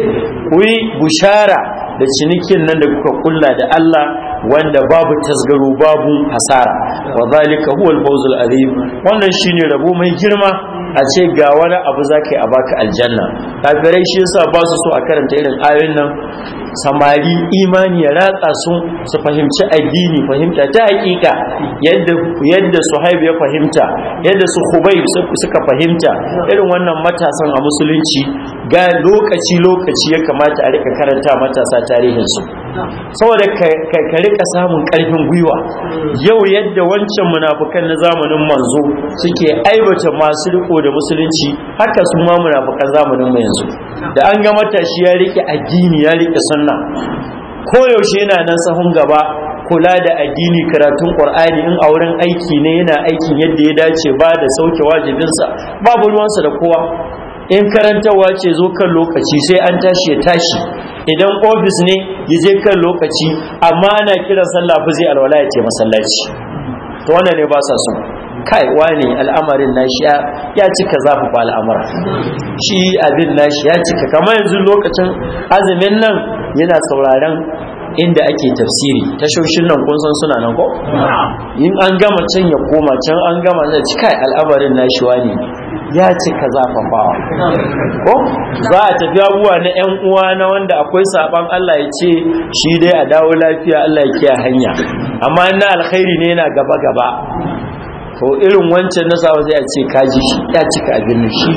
kuyi bushara da cinikin nan da kuka kulla da Allah wanda babu tasgaro babu hasara wa zalika huwal fawzul azim wannan shine rabo mai girma a ce ga wani abu za ka yi a baka aljanna kafirai shi yasa ba su so a karanta irin ayoyin nan samari imani ya ratsa su su fahimci addini fahimta ta hakika yadda yadda haibu ya fahimta yadda su hubai suka fahimta irin wannan matasan a musulunci ga lokaci lokaci ya kamata a rika karanta matasa tarihinsu. su saboda ka rika samun karfin gwiwa yau yadda wancan munafukan na zamanin manzo suke aibata masu riko da musulunci haka su ma munafukan zamanin mu yanzu da an ga matashi ya rike addini ya rike sunna yaushe yana nan sahun gaba kula da addini karatun qur'ani in a wurin aiki ne yana aikin yadda ya dace ba da sauke wajibinsa babu ruwansa da kowa in karantarwa ce zo kan lokaci sai an tashi ya tashi idan ofis ne ya je kan lokaci amma ana kiran sallah fi zai alwala ya ce masallaci to wannan ne ba sa so kai wani al'amarin nashi ya cika zafi ba al'amura shi abin nashi ya cika kamar yanzu lokacin azumin nan yana sauraron inda ake tafsiri tashoshin nan kun san suna nan ko in an gama can ya koma can an gama zai cika al'amarin nashi ne ya cika zafafawa ko za a tafi abubuwa na yan uwa na wanda akwai saban Allah ya ce shi dai a dawo lafiya Allah ya kiya hanya amma na alkhairi ne yana gaba gaba to irin wancan na sawa zai a ce kaji shi ya cika abin shi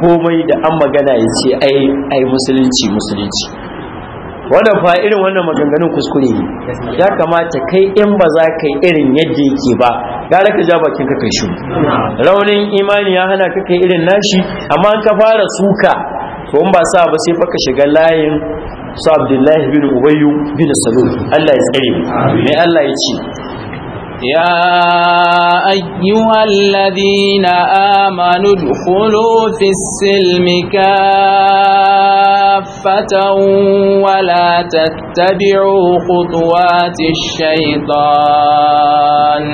komai da an magana ya ce ai ai musulunci musulunci wannan fa irin wannan maganganun kuskure ne ya kamata kai in ba za ka yi irin yadda yake ba gara ka ja bakin ka kai shi raunin imani ya hana ka kai irin nashi amma ka fara suka to in ba sa ba sai baka shiga layin su abdullahi bin ubayyu bin salul Allah ya tsare mai Allah ya ce يا أيها الذين آمنوا ادخلوا في السلم كافة ولا تتبعوا خطوات الشيطان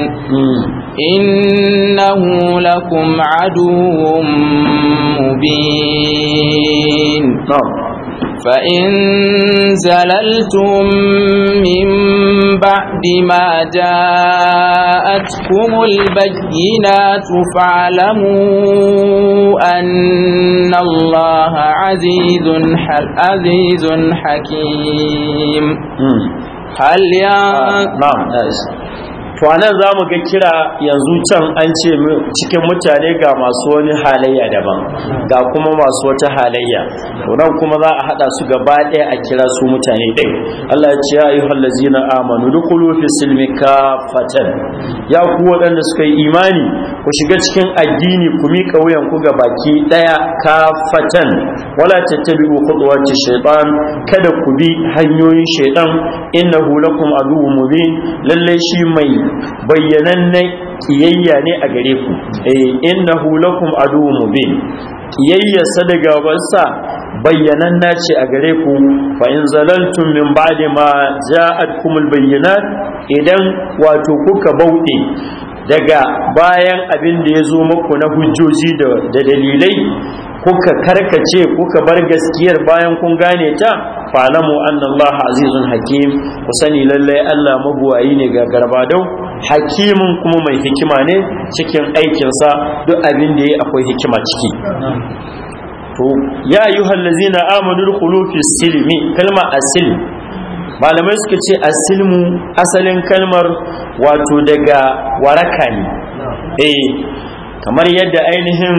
إنه لكم عدو مبين نعم. فإن زللتم من بعد ما جاءتكم البينات فاعلموا أن الله عزيز عزيز حكيم هل يا آه، نعم to anan za mu ga kira yanzu can an ce cikin mutane ga masu wani halayya daban ga kuma masu wata halayya nan kuma za a hada su gaba ɗaya a kira su mutane ɗaya. Allah ya ce ya ayyuhal ladzina amanu dukulu fi silmi kafatan ya ku waɗanda suka yi imani ku shiga cikin addini ku miƙa wuyan ku ga baki ɗaya kafatan wala tattabi'u khutuwati shaytan kada ku bi hanyoyin shaytan innahu lakum aduwwun mubin lalle shi mai bayyanan kiyayya ne a gare ku eh innahu lakum aduwwun mubin kiyayya da wansa bayyanan na ce a gare ku fa in zalantun min ba'di ma ja'atkumul bayyinat idan wato kuka bauɗe daga bayan abin da ya zo muku na hujjoji da dalilai kuka karkace kuka bar gaskiyar bayan kun gane ta falamu annallah azizun hakim ku sani lallai Allah mabuwayi ne ga garbadau hakimin kuma mai hikima ne cikin aikinsa duk abin da ya akwai hikima ciki to ya ayyuhallazina amanu dukhulu silmi kalma asil malamai suka ce asilmu asalin kalmar wato daga waraka ne eh kamar yadda ainihin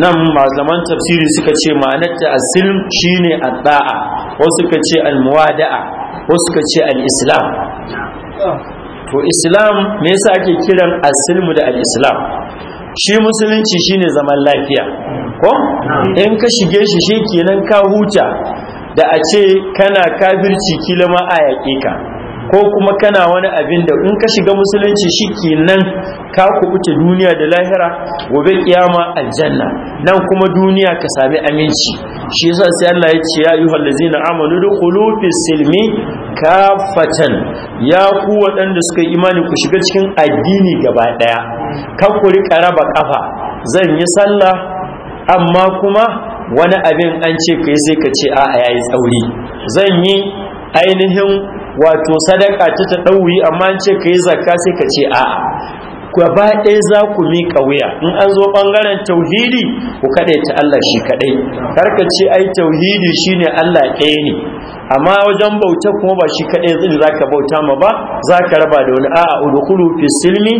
nan malaman tafsiri suka ce ma'anarta asilm shine adda'a ko suka ce almuwada'a ko suka ce al-islam to islam me yasa ake kiran asilmu da al-islam shi musulunci shine zaman lafiya ko in ka shige shi shi kenan ka huta da a ce kana kafirci kila ma a yaƙe ka ko kuma kana wani abin da in ka shiga musulunci shi ke nan ka kuɓuta duniya da lahira gobe kiyama aljanna nan kuma duniya ka sami aminci shi yasa sai Allah ya ce ya ayyuhal ladzina amanu dukhulu fis silmi kafatan ya ku waɗanda suka yi imani ku shiga cikin addini gaba daya kan ku rika raba kafa zan yi sallah amma kuma wani abin an ce ka yi sai ka ce a yayi tsauri zan yi ainihin wato sadaka ta ta dauyi amma an ce ka yi zakka sai ka ce a gaba ɗaya za ku miƙa wuya in an zo ɓangaren tauhidi ku kaɗai ta Allah shi kaɗai karka ce ai tauhidi shine Allah ɗaya ne amma wajen bauta kuma ba shi kaɗai zai za ka bauta ma ba za ka raba da wani a'a udukulu fi silmi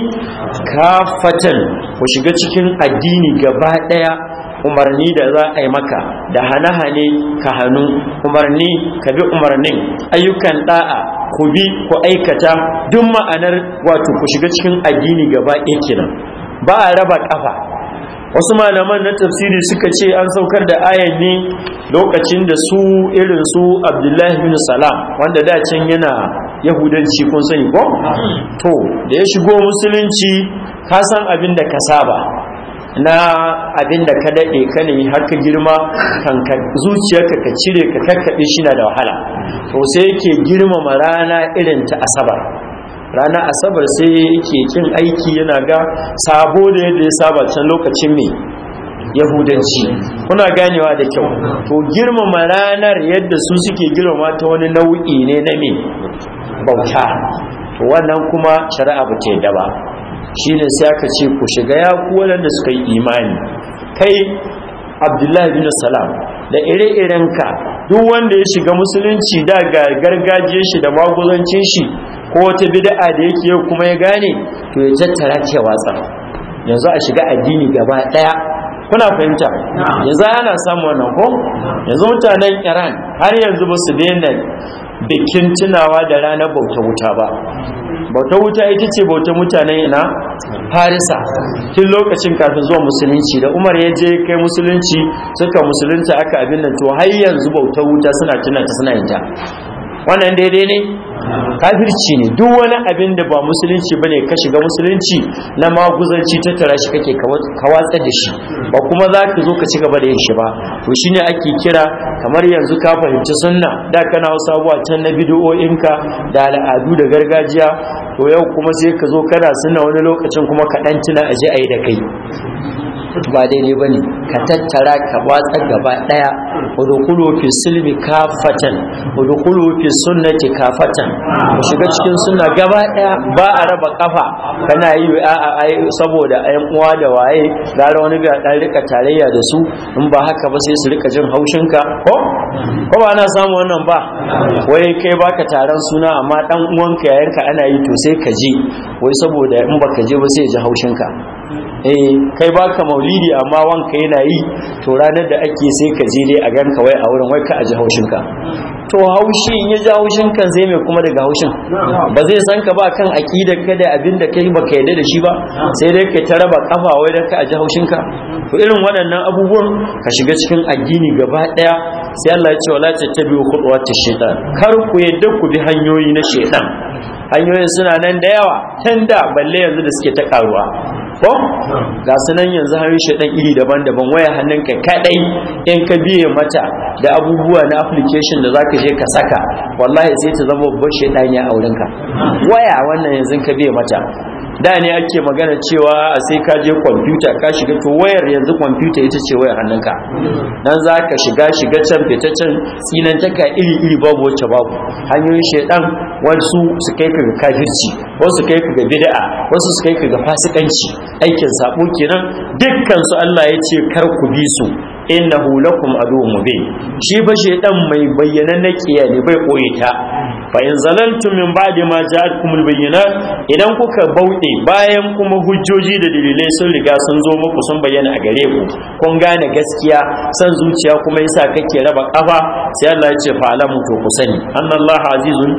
kafatan ku shiga cikin addini gaba ɗaya umarni da za a yi maka da hane-hane ka hannu umarni ka bi umarnin ayyukan da'a ku bi ku aikata duk ma'anar wato ku shiga cikin addini gaba ɗaya kenan ba a raba kafa wasu malaman na tafsiri suka ce an saukar da ayan ne lokacin da su irin su abdullahi bin salam wanda da can yana yahudanci kun sani ko to da ya shigo musulunci ka san abin da ka saba na abinda ka daɗe ka nemi har ka girma kanka zuciyarka ka cire ka kakkaɓe shi na da wahala to sai yake girmama rana irin ta asabar rana asabar sai yake kin aiki yana ga sabo da yadda ya saba can lokacin mai yahudanci kuna ganewa da kyau to girmama ranar yadda su suke girmama ta wani nau'i ne na mai bauta to wannan kuma shari'a ba ta yadda ba Shi ne sai aka ce ku shiga ya ku waɗanda suka yi imani kai abdullahi bin salam da ire-irenka duk wanda ya shiga musulunci da ga gargajiyar shi da maguzancin shi ko wata bid'a da yake yau kuma ya gane to ya tattara ke watsa yanzu a shiga addini gaba daya kuna fahimta yanzu ana samu wannan ko yanzu mutanen Iran har yanzu ba su daina bikin tunawa da ranar bauta wuta ba bauta wuta ita ce bauta mutanen na farisa tun lokacin kafin zuwa musulunci da umar ya je kai musulunci suka musulunta aka abin da to har yanzu bauta wuta suna tunata suna yi wannan daidai ne kafirci ne duk wani abin da ba musulunci bane ka shiga musulunci na maguzanci tattara shi kake kawatsa da shi ba kuma za ka zo ka ci gaba da yin shi ba to shi shine ake kira kamar yanzu ka fahimci sunna da kana wasu abuwa can na bidiyoyinka da al'adu da gargajiya to yau kuma sai ka zo kana sunna wani lokacin kuma ka dan tuna aje ayi da kai ba daidai ba ne ka tattara ka watsa gaba ɗaya wadukulu fi silmi kafatan wadukulu fi sunnati kafatan ku shiga cikin sunna gaba ɗaya ba a raba kafa kana yi a saboda ayan uwa da waye gara wani ga ɗan rika tarayya da su in ba haka ba sai su rika jin haushinka ko ko ba na samu wannan ba wai kai baka taron suna amma dan uwanka yayanka ana yi to sai ka je wai saboda in baka je ba sai ya ji haushinka eh kai baka maulidi amma wanka yana yi to ranar da ake sai ka je dai a ganka wai a wurin wai ka aji haushin ka to haushi in ya ji haushin kan zai mai kuma daga haushin ba zai san ka ba kan aqidar ka da abin da kai baka yarda da shi ba sai dai kai ta raba kafa wai dan ka aji haushin ka to irin waɗannan abubuwan ka shiga cikin addini gaba daya sai Allah ya ce wala tattabi'u khutuwatish shaitan kar ku yadda ku bi hanyoyi na shaitan hanyoyin suna nan da yawa tun da balle yanzu da suke ta karuwa ko ga sunan yanzu hanyoyin shaɗan iri daban-daban waya hannunka kaɗai in ka biye mata da abubuwa na application da zaka je ka saka wallahi sai ta zama babban shaɗan ya aurenka waya wannan yanzu ka biye mata da ne ake magana cewa a sai ka je kwamfuta ka shiga to wayar yanzu kwamfuta ita ce wayar hannunka nan za ka shiga shiga can fita can tsinan ka iri iri babu wacce babu hanyoyin shaidan wasu su kai ka ga kafirci wasu kai ka ga bid'a wasu su kai ka ga fasikanci aikin sabo kenan dukkan su Allah ya ce kar ku bi su innahu lakum aduwwun mubin shi ba shi dan mai bayyana na ne bai koyi ta fa in zalaltum min ba'di ma ja'atkumul bayyana. idan kuka bauɗe bayan kuma hujjoji da dalilai sun riga sun zo muku sun bayyana a gare ku kun gane gaskiya san zuciya kuma yasa kake raba kafa sai Allah ya ce fa alamu to ku sani annallahu azizun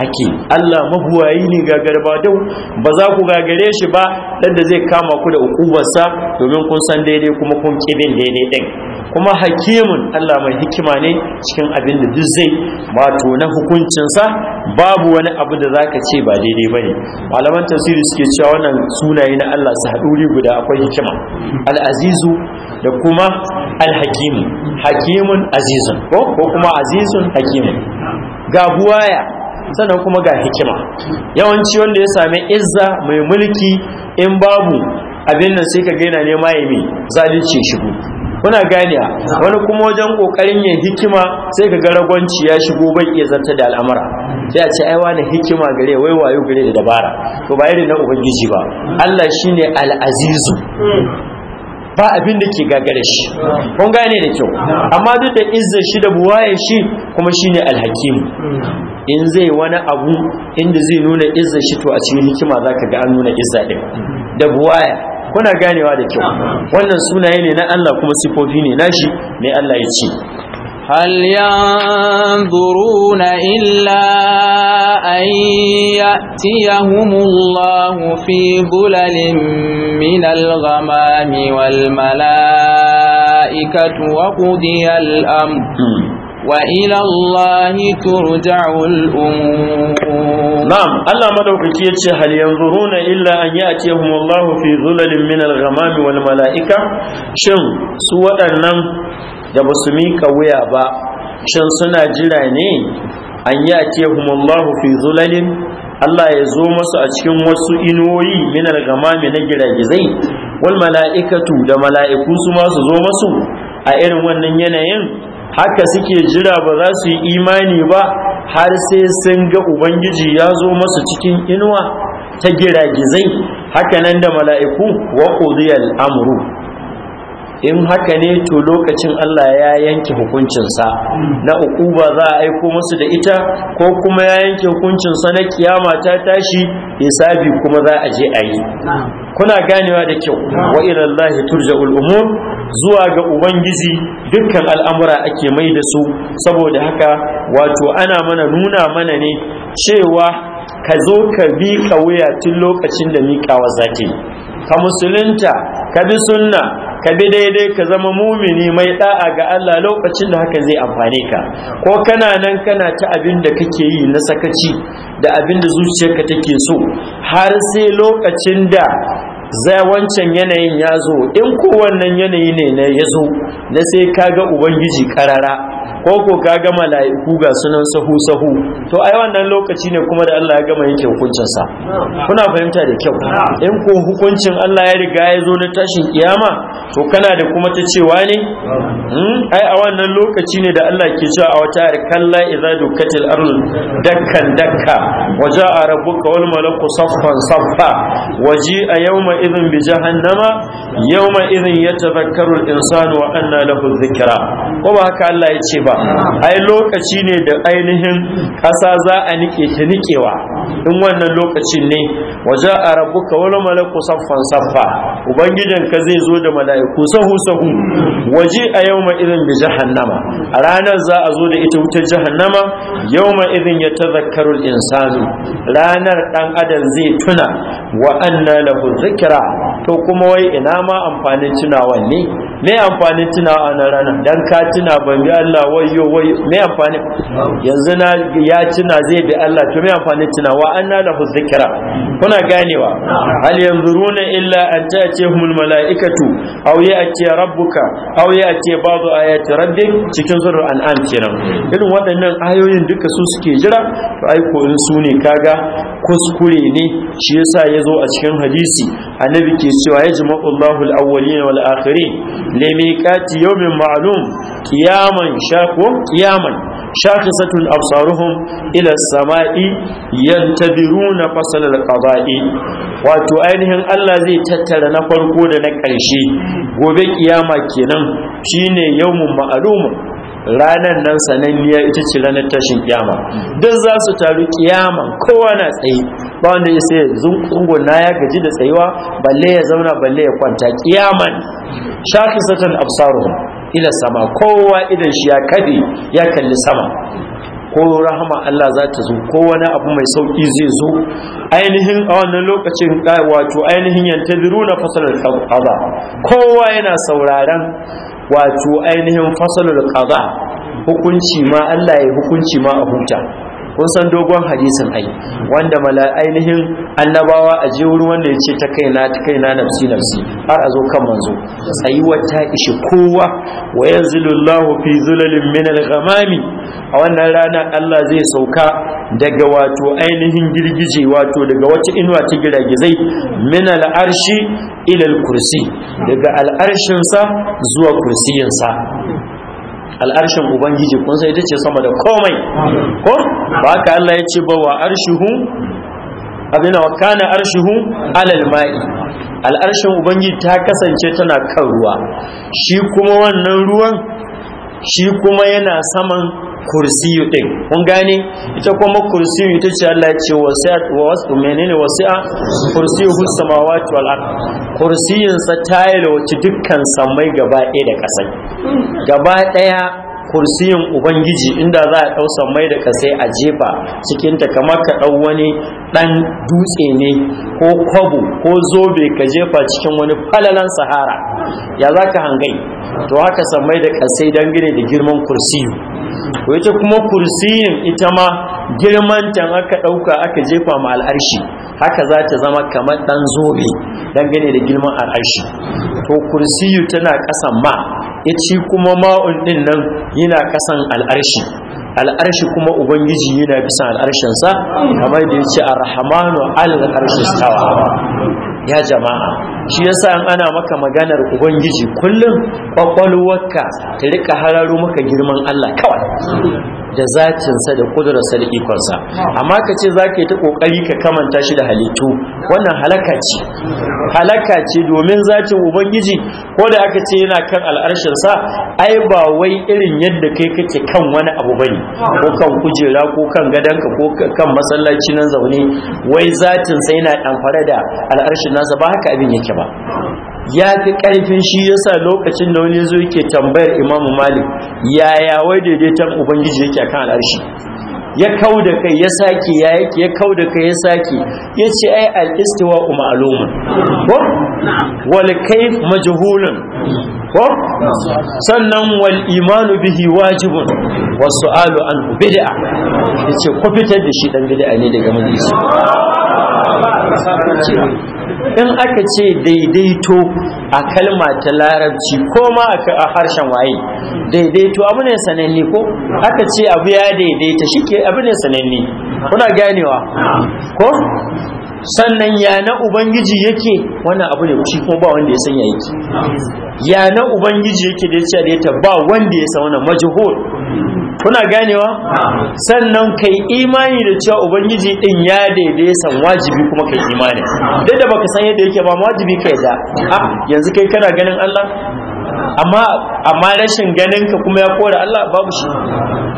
Haƙƙi Allah mabuwayi ne gagarba don ba za ku gagare shi ba dan da zai kama ku da ukubarsa domin kun san daidai kuma kun kibin daidai din kuma hakimun Allah mai hikima ne cikin abin da duk zai wato na hukuncinsa babu wani abu da za ka ce ba daidai ba ne malaman tasiri suke cewa wannan sunaye na Allah su haɗuri guda akwai hikima Al'azizu da kuma al-hakim hakimun azizun ko kuma azizun hakimun ga buwaya sannan kuma ga hikima yawanci wanda ya sami izza mai mulki in babu abin nan sai ka gaina nema ya mai zalunci shigo kuna ganiya wani kuma wajen kokarin yin hikima sai ka ga ragwanci ya shigo bai iya zarta da al'amura sai a ce aiwa na hikima gare wai wayo gare da dabara to ba irin na ubangiji ba Allah shine al-azizu ba abin da ke gagare shi kun gane da kyau amma duk da izzar shi da buwaye shi kuma shine alhakim in zai wani abu inda zai nuna izzar shi to a cikin hikima zaka ga an nuna izza din da buwaya kuna ganewa da kyau wannan sunaye ne na Allah kuma sifofi ne nashi mai Allah ya ce هل ينظرون إلا أن يأتيهم الله في ظلل من الغمام والملائكة وقضي الأمر وإلى الله ترجع الأمور نعم الله مدوكي هل ينظرون إلا أن يأتيهم الله في ظلل من الغمام والملائكة شن سوى أنم da ba su miƙa wuya ba shan suna jira ne an yi a tehumullahu fi zulalin Allah ya zo masu a cikin wasu inuwoyi minar gamami na giragizai wal mala'ikatu da mala'iku su ma zo masu a irin wannan yanayin haka suke jira ba za su yi imani ba har sai sun ga ubangiji ya zo masu cikin inuwa ta giragizai haka nan da mala'iku wa amru in haka ne to lokacin Allah ya yanke hukuncinsa na uku ba za a aiko musu da ita ko kuma ya yanke hukuncinsa na kiyama ta tashi hisabi kuma za a je a yi kuna ganewa da kyau wa ilallahi turja'ul umur zuwa ga ubangiji dukkan al'amura ake mai da su saboda haka wato ana mana nuna mana ne cewa ka zo ka bi wuya tun lokacin da miƙawa zata ka musulunta ka bi sunna ka bi daidai ka zama mumini mai da'a ga Allah lokacin da haka zai amfane ka ko kana nan kana ta abin da kake yi na sakaci da abin da zuciyarka take so har sai lokacin da zai wancan yanayin ya zo in ko wannan yanayi ne na ya zo na sai ka ga ubangiji karara ko ko ka ga mala'iku ga sunan sahu sahu to ai wannan lokaci ne kuma da Allah ya gama yake hukuncin sa kuna fahimta da kyau in ko hukuncin Allah ya riga ya zo na tashin kiyama to kana da kuma ta cewa ne hmm? ai a wannan lokaci ne da Allah ke cewa a wata kalla idza dukatil ardh dakkan dakka waja'a rabbuka wal malaku saffan saffa waji'a yawma idhin bi jahannama yawma idhin yatadhakkaru al insanu wa anna lahu dhikra ko ba haka Allah ya ce ba ba ai lokaci ne da ainihin ƙasa za a nike ta nikewa in wannan lokacin ne waje a ka wani malaku saffan saffa ubangijin ka zai zo da mala'iku sahu sahu waje a yau ma irin da jahannama a ranar za a zo da ita wutar jahannama ma irin ya ta zakarun insanu ranar dan adam zai tuna wa'annan anna lahu to kuma wai ina ma amfanin tunawan ne me amfani tuna a na ranar dan ka tuna ban bi Allah wayo wayo me amfani yanzu na ya tuna zai bi Allah to me amfani tuna wa anna lahu zikra kuna ganewa hal yanzuruna illa an ta'tihumul malaikatu aw ya'ti rabbuka aw ya'ti babu ayati rabbik cikin surah an'am kenan irin waɗannan ayoyin duka su suke jira to ai ko in su ne kaga kuskure ne shi yasa ya zo a cikin hadisi annabi ke cewa ya ji maƙullahu wal na wal'akari lemekati yau min ma'alum kiyaman shako kiyaman shakisatun absaruhum ila sama'i yantabiruna fasal al-qada'i wato ainihin Allah zai tattara na farko da na ƙarshe gobe kiyama kenan shine yawmun ma'lum ranar nan sananniya ita ce ranar tashin kiyama duk za su taru kiyama kowa na tsaye ba wanda ya sai zungungun na ya gaji da tsayuwa balle ya zauna balle ya kwanta kiyaman satan absaruhum ila sama kowa idan shi ya kade ya kalli sama ko rahama Allah za ta zo ko wani abu mai sauki zai zo ainihin a wannan lokacin wato ainihin na fasalar kaza kowa yana sauraron wato ainihin fasalul qada hukunci ma Allah ya hukunci ma a huta kun san dogon hadisin ai wanda mala ainihin annabawa a je wurin wanda ya ce ta kaina ta kaina nafsi nafsi har a zo kan manzo tsayuwar ta ishi kowa wa Allah fi zulalin min al-ghamami a wannan rana Allah zai sauka daga wato ainihin girgije wato daga wata inuwa ta giragizai min al-arshi ila al-kursi daga al-arshin sa zuwa kursiyin sa al'arshin ubangiji kun sai ita ce sama da komai ko ba ka Allah ya ce ba wa arshihu abin wa kana arshihu alal ma'i al'arshin ubangiji ta kasance tana kan ruwa shi kuma wannan ruwan shi kuma yana saman kursiyu din kun gane ita kuma kursiyu ita ce Allah ya ce wasi'at wa wasu menene wasi'a kursiyu hus samawati wal ard kursiyin sa ta ci dukkan samai gaba ɗaya da ƙasa gaba ɗaya kursiyin ubangiji inda za a ɗau sammai da kasai a jefa cikinta kamar ka ɗau wani ɗan dutse ne ko kwabo ko zobe ka jefa cikin wani falalan sahara ya za ka hangai to haka sammai da kasai dangane da girman kursiyu wata kuma kursiyin ita ma girmantan aka ɗauka aka jefa ma al'arshi haka za ta zama kamar ɗan zobe dangane da girman al'arshi to kursiyu tana ƙasan ma ya ci kuma ma'un din nan yana kasan al'arshi al'arshi kuma ubangiji yana bisan sa, kamar da ya ce arhamanu al'arshi stawa ya jama'a shi yasa in ana maka maganar ubangiji kullum ƙwaƙwalwarka ta rika hararo maka girman Allah kawai da zatinsa da kudurarsa da ikonsa amma ka ce za ka yi ta ƙoƙari ka kamanta shi da halittu wannan halaka ce halaka ce domin zatin ubangiji ko da aka ce yana kan al'arshinsa ai ba wai irin yadda kai kake kan wani abu bane ko kan kujera ko kan gadanka ko kan masallaci nan zaune wai zatinsa yana ɗamfare da al'arshin nasa ba haka abin yake ba ya fi ƙarfin shi yasa lokacin da wani zo yake tambayar imamu malik yaya wai daidaitan ubangiji yake kan al'arshi ya kau da kai ya sake ya yake ya kau da kai ya sake ya ce ai al'istiwa ma'alumin ko wal kai majhulun ko sannan wal imanu bihi wajibun wasu su'alu an bid'a yace ku fitar da shi ɗan bid'a ne daga majalisi in aka ce daidaito a kalma ta larabci ko ma a harshen waye daidaito abu ne sananne ko aka ce abu ya daidaita shi ke abu ne sananne kuna ganewa ko sannan ya na ubangiji yake wannan abu ne shi kuma ba wanda ya san ya yake ya ubangiji yake da ya ce da ya ba wanda ya san wannan majhul kuna ganewa sannan kai imani da cewa ubangiji din ya daidai san wajibi kuma kai imani duk da baka san yadda yake ba wajibi kai da ah, yanzu kai kana ganin Allah amma amma rashin ganin ka kuma ya kore Allah babu shi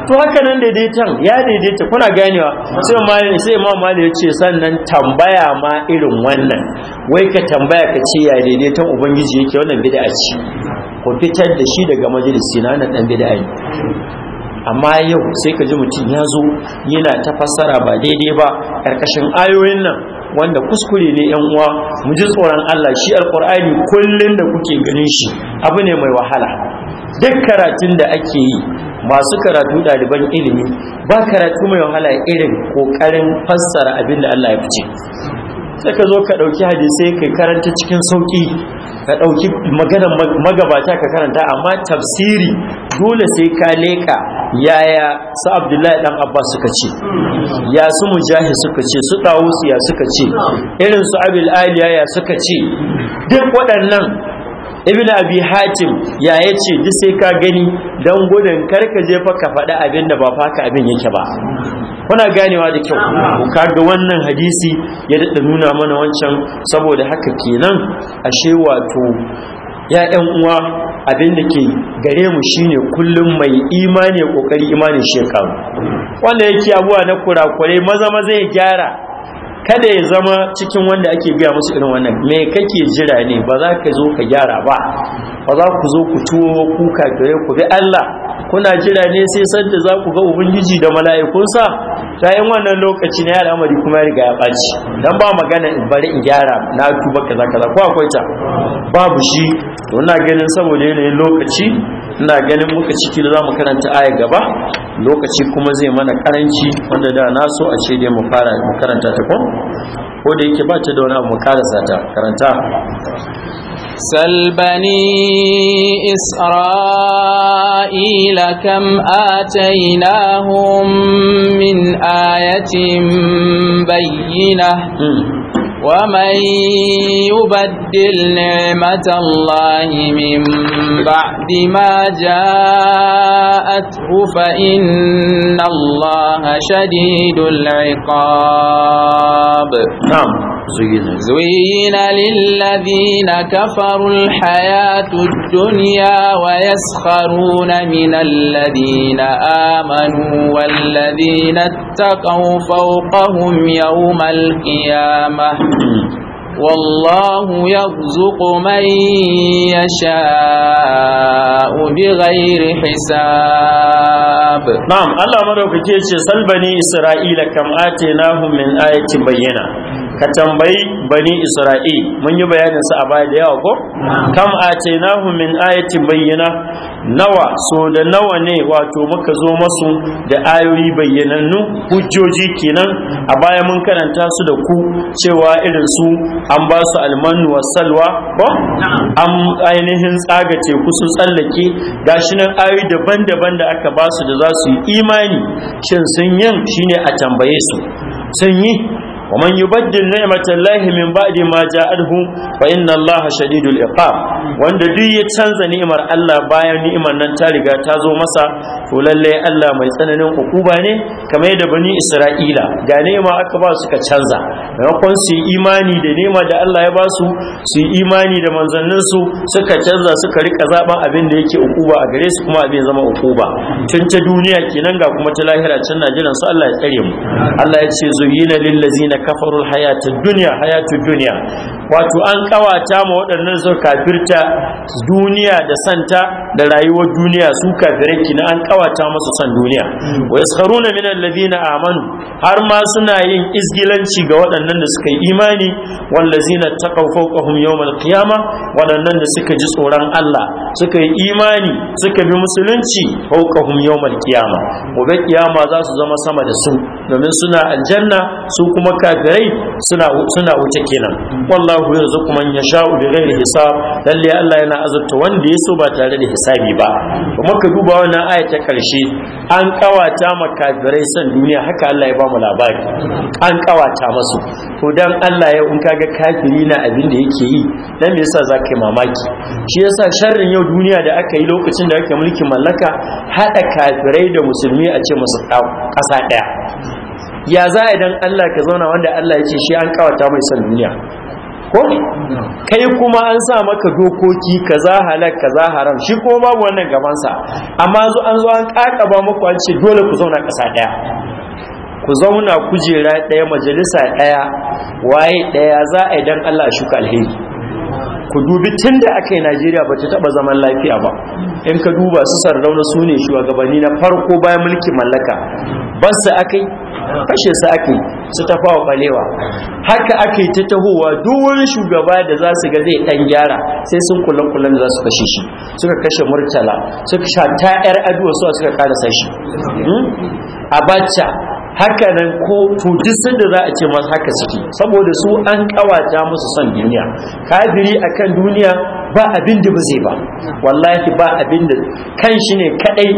to haka nan tan ya daidaita kuna ganewa sai mai sai imam mali ya ce sannan tambaya ma irin wannan wai ka tambaya ka ce ya daidaitan ubangiji yake wannan bid'a ce ko fitar da shi daga majalisi na nan dan bid'a ne amma yau sai ka ji mutum ya zo yana ta fassara ba daidai ba ƙarƙashin ayoyin nan wanda kuskure ne yan uwa mu ji tsoron Allah shi alqur'ani kullun da kuke ganin shi abu ne mai wahala duk karatun da ake yi masu karatu ɗaliban ilimi ba karatu mai wahala irin kokarin fassara abin da Allah ya fice sai ka zo ka ɗauki hadisai ka karanta cikin sauƙi ka ɗauki maganar magabata ka karanta amma tafsiri dole sai ka leka. yaya su abdullahi dan abbas suka ce ya su mujahi suka ce su ɗawusu ya suka ce irin su abil ali ya suka ce duk waɗannan ibn abi hatim ya yace ce duk sai ka gani don gudun karka je fa ka faɗi abin da ba faka abin yake ba kuna ganewa da kyau ka ga wannan hadisi ya daɗa nuna mana wancan saboda haka kenan ashe wato Yayan uwa abinda ke gare mu shine kullum mai imani kokari imanin shekaru wanda yake abuwa na kurakurai maza maza ya gyara kada ya zama cikin wanda ake biya musu irin wannan me kake jira ne ba za ka zo ka gyara ba ba za ku zo ku tuwo kuka, gare ku bi Allah kuna jira ne sai sanda za ku ga ubangiji da mala'ikunsa Ta yi wannan lokaci na yara amari kuma ya riga ya ɓaci dan ba magana in bari in gyara na tuba kaza kaza ko akwai ta babu shi to ina ganin saboda yanayin lokaci ina ganin muka ciki da zamu karanta aya gaba lokaci kuma zai mana karanci wanda da na so a ce dai mu fara mu karanta ta ko ko da yake ba ta da wani abu mu karasa ta karanta sal bani isra'ila kam atainahum min ayatin bayyinah hmm. ومن يبدل نعمة الله من بعد ما جاءته فإن الله شديد العقاب نعم زين زين للذين كفروا الحياة الدنيا ويسخرون من الذين آمنوا والذين اتقوا فوقهم يوم القيامة والله يرزق من يشاء بغير حساب نعم الله مدوكي يقول سل بني إسرائيل كم آتيناهم من آية بينة ka tambayi bani isra'il mun yi bayanin su a baya da yawa ko kam nahu min ayatin bayyana nawa so da nawa ne wato muka zo masu da ayoyi bayyanannu hujjoji kenan a baya mun karanta su da ku cewa irin su an ba su almanu wasalwa ko an ainihin tsaga teku su tsallake gashi nan ayoyi daban-daban da aka ba su da za su yi imani shin sun yin shine a tambaye su sun yi yi ومن يبدل نعمة الله من بعد ما جاءته فإن الله شديد العقاب وأن دي يتشانز نعمة الله بايا نعمة ننتالي تازو مسا ولله الله ما يسنن عقوبة كما يد بني إسرائيل ga nema aka ba suka canza maimakon su imani da nema da Allah ya basu su su imani da manzanninsu suka canza suka rika zaben abin da yake ukuba a gare su kuma abin zama ukuba tun ta duniya kenan ga kuma ta lahira can na jiran su Allah ya tsare mu Allah ya ce zuyina lillazina na kafarul hayatun duniya hayatun duniya wato an kawata ma waɗannan su kafirta duniya da santa da rayuwar duniya su kafirai kina an kawata masu san duniya wa yaskharuna min alladhina amanu har ma suna yin izgilanci ga waɗannan da suka yi imani wallazina taqaw fawqahum yawmal qiyamah waɗannan da suka ji tsoron Allah suka yi imani suka bi musulunci fawqahum yawmal qiyamah gobe kiyama za su zama sama da su domin suna aljanna su kuma kafirai suna suna wuce kenan wallahu yarzuqu man yasha'u bi ghairi hisab lalle Allah yana azurta wanda ya so ba tare da hisabi ba kuma ka duba wannan aya ta karshe an kawata ma kafirai san duniya haka Allah ya ba mu labari an kawata masu to dan Allah ya in kaga kafiri na abin da yake yi dan me yasa zaka yi mamaki shi yasa sharrin yau duniya da aka yi lokacin da ake mulkin mallaka hada kafirai da musulmi a ce musu ƙasa ɗaya ya za a idan Allah ka zauna wanda Allah ya ce shi an kawata mai son duniya ko kai kuma an sa maka dokoki kaza halak za haram shi ko babu wannan gabansa? amma zo an zo an kakaba muku an ce dole ku zauna kasa daya ku zauna kujera daya majalisa daya waye daya za a idan Allah shuka alheri ku dubi tun da aka yi najeriya ba ta taba zaman lafiya ba in ka duba su sardauna su ne shugabanni na farko bayan mulki mallaka bas su aka yi fashe su aka yi su wa balewa haka aka yi ta tahowa duwar shugaba da za su ga zai ɗan gyara sai sun kullum-kullum da za su kashe shi suka kashe murtala suka sha ta yar aduwa suka karasa shi hmm? abacha haka nan ko to duk sanda za a ce masu haka suke saboda su an kawata musu son duniya kafiri akan duniya ba abin da ba ba wallahi ba abin da kan shi ne kadai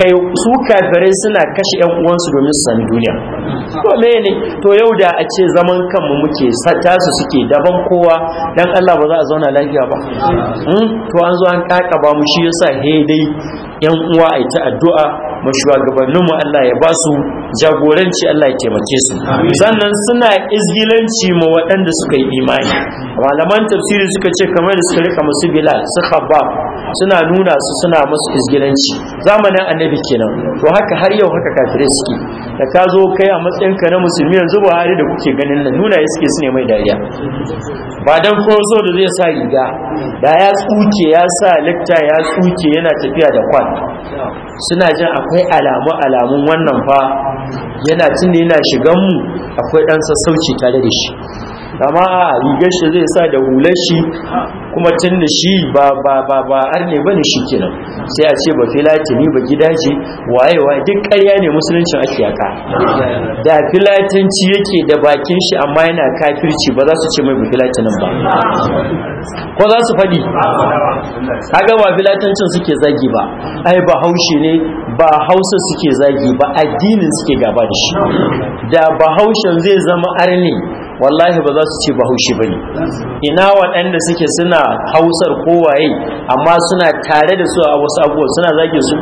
kai su kafirai suna kashe yan uwansu domin su sami duniya to me ne to yau da a ce zaman kanmu muke sata su suke daban kowa dan Allah ba za a zauna lafiya ba hmm? to an zo an kaka ba mu shi yasa he dai yan uwa ai ta addu'a mu Allah ya ba su jagoranci Allah ya taimake su sannan suna izgilanci ma waɗanda suka yi imani malaman tafsiri suka ce kamar da suka rika musu bilal su habab suna nuna su suna musu izgilanci zamanin annabi kenan to haka har yau haka kafirai suke da ka zo kai a matsayinka na musulmi yanzu buhari da kuke ganin nan nuna ya suke su ne mai dariya ba dan so da zai sa riga da ya tsuke ya sa likta ya tsuke yana tafiya da kwan suna jin akwai alamu alamun wannan fa yana tunne yana shigan mu akwai dan sassauci tare da shi amma a rigar shi zai sa da hular shi kuma can da shi ba ba ba ba har bane shi kenan sai a ce ba filatini ba gidaje waye waye duk ƙarya ne musuluncin ake yaka da filatanci yake da bakin shi amma yana kafirci ba za su ce mai ba filatinin ba ko za su faɗi kaga ba filatancin suke zagi ba ai ba haushi ne ba hausa suke zagi ba addinin suke gaba da shi da bahaushen zai zama arne. wallahi ba za su ce bahaushe ba ne ina waɗanda suke suna hausar kowaye amma suna tare da su a wasu abuwa suna zage su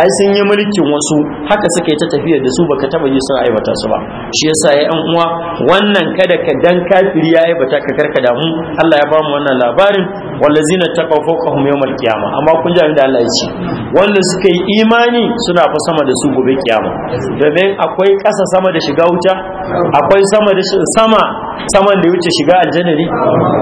ai sun yi mulkin wasu haka suka yi ta tafiya da su baka taba yi sun aibata su ba shi yasa ya yan uwa wannan kada ka dan kafiri ya aibata ka karka damu Allah ya bamu wannan labarin wallazina ka fawqahum yawmal kiyama. amma kun ji da Allah ya ce wanda suka yi imani suna fa sama da su gobe kiyama domin akwai ƙasa sama da shiga wuta akwai sama da sama saman da wuce shiga aljanna ne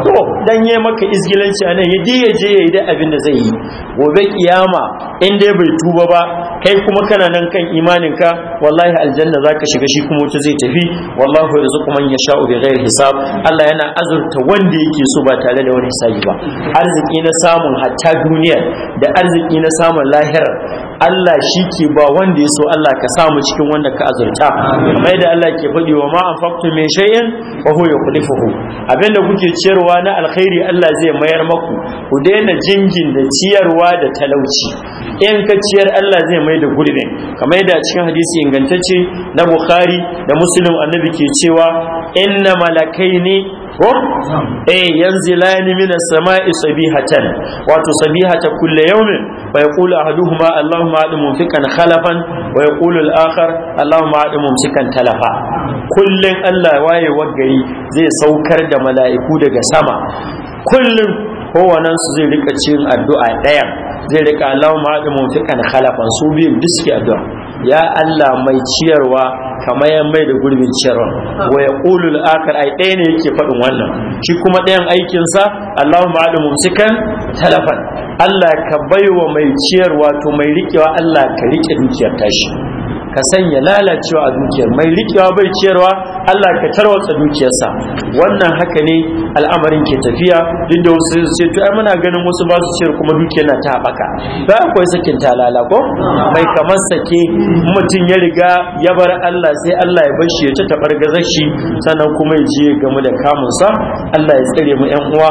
to dan yayi maka izgilanci anan ya je ya je yayi da abin da zai yi gobe kiyama in dai bai tuba ba kai kuma kana nan kan imaninka wallahi aljanna zaka shiga shi kuma wuta zai tafi wallahu yarzuqu man bi ghairi hisab Allah yana azurta wanda yake so ba tare da wani hisabi ba arziki na samun hatta duniya da arziki na samun lahira Allah shi ke ba wanda ya so Allah ka samu cikin wanda ka azurta mai da Allah ke faɗi wa ma anfaqtu min shay'in wa huwa yuqdifuhu abinda kuke ciyarwa na alkhairi Allah zai mayar maku ku daina jingin da ciyarwa da talauci in ka ciyar Allah zai mai da guri ne kamar yadda cikin hadisi ingantacce na bukhari da muslim annabi ke cewa inna malakai ne ko eh yanzilani min samai sabihatan wato sabihata kullu yawmin wa yaqulu ahaduhuma allahumma adi mumsikan khalafan wa yaqulu al-akhar allahumma adi mumsikan talafa kullun Allah waye gari zai saukar da mala'iku daga sama kullun kowannen su zai rika cin addu'a daya, zai rika Allahumma haɗu mutukan khalafan su biyu duk suke addu'a ya Allah mai ciyarwa kamar yan mai da gurbin ciyarwa wa ya qulul akhir ai ɗaya ne yake faɗin wannan shi kuma ɗayan aikinsa Allahumma haɗu mutukan talafan Allah ka baiwa mai ciyarwa to mai rikewa Allah ka rike dukiyar tashi ka sanya lalacewa a dukiyar mai rikewa bai ciyarwa Allah ka tarwatsa dukiyarsa wannan haka ne al'amarin ke tafiya duk da wasu ce to ai muna ganin wasu ba su ciyar kuma dukiyar na ta baka ba akwai sakin talala ko mai kamar sake mutum ya riga ya bar Allah sai Allah ya bar shi ya ta tabargazar shi sannan kuma ya je game da kamun sa Allah ya tsare mu yan uwa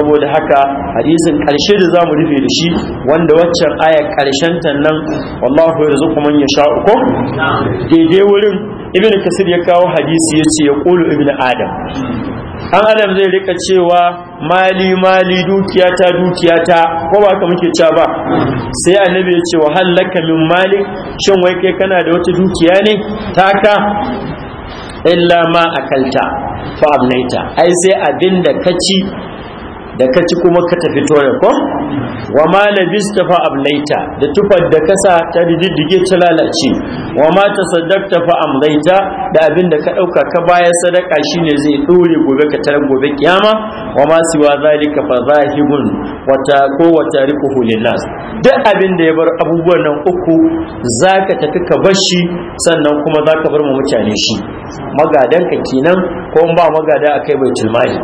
saboda haka hadisin karshe da zamu rufe da shi wanda waccan aya karshen ta nan wallahu yarzuqu man yasha'u ko daidai wurin ibn kasir ya kawo hadisi ya ce ya ƙulu ibn adam an adam zai rika cewa mali mali dukiyata dukiyata ko ba ka muke cewa ba sai annabi ya ce wa halaka min mali shin wai kai kana da wata dukiya ne taka illa ma akalta fa abnaita ai sai abinda ka ci da ka ci kuma ka tafi toye ko wa ma labista fa ablaita da tufar da kasa ta diddige ta lalace wa ma tasaddaqta fa amlaita da abin da ka dauka ka bayar sadaka shine zai dore gobe ka tarar gobe kiyama wa ma siwa zalika fa zahibun wa ta ko wa tarikuhu linnas duk abin da ya bar abubuwan nan uku zaka tafi ka bar shi sannan kuma zaka bar mu mutane shi magadan ka kenan ko ba magada akai bai mali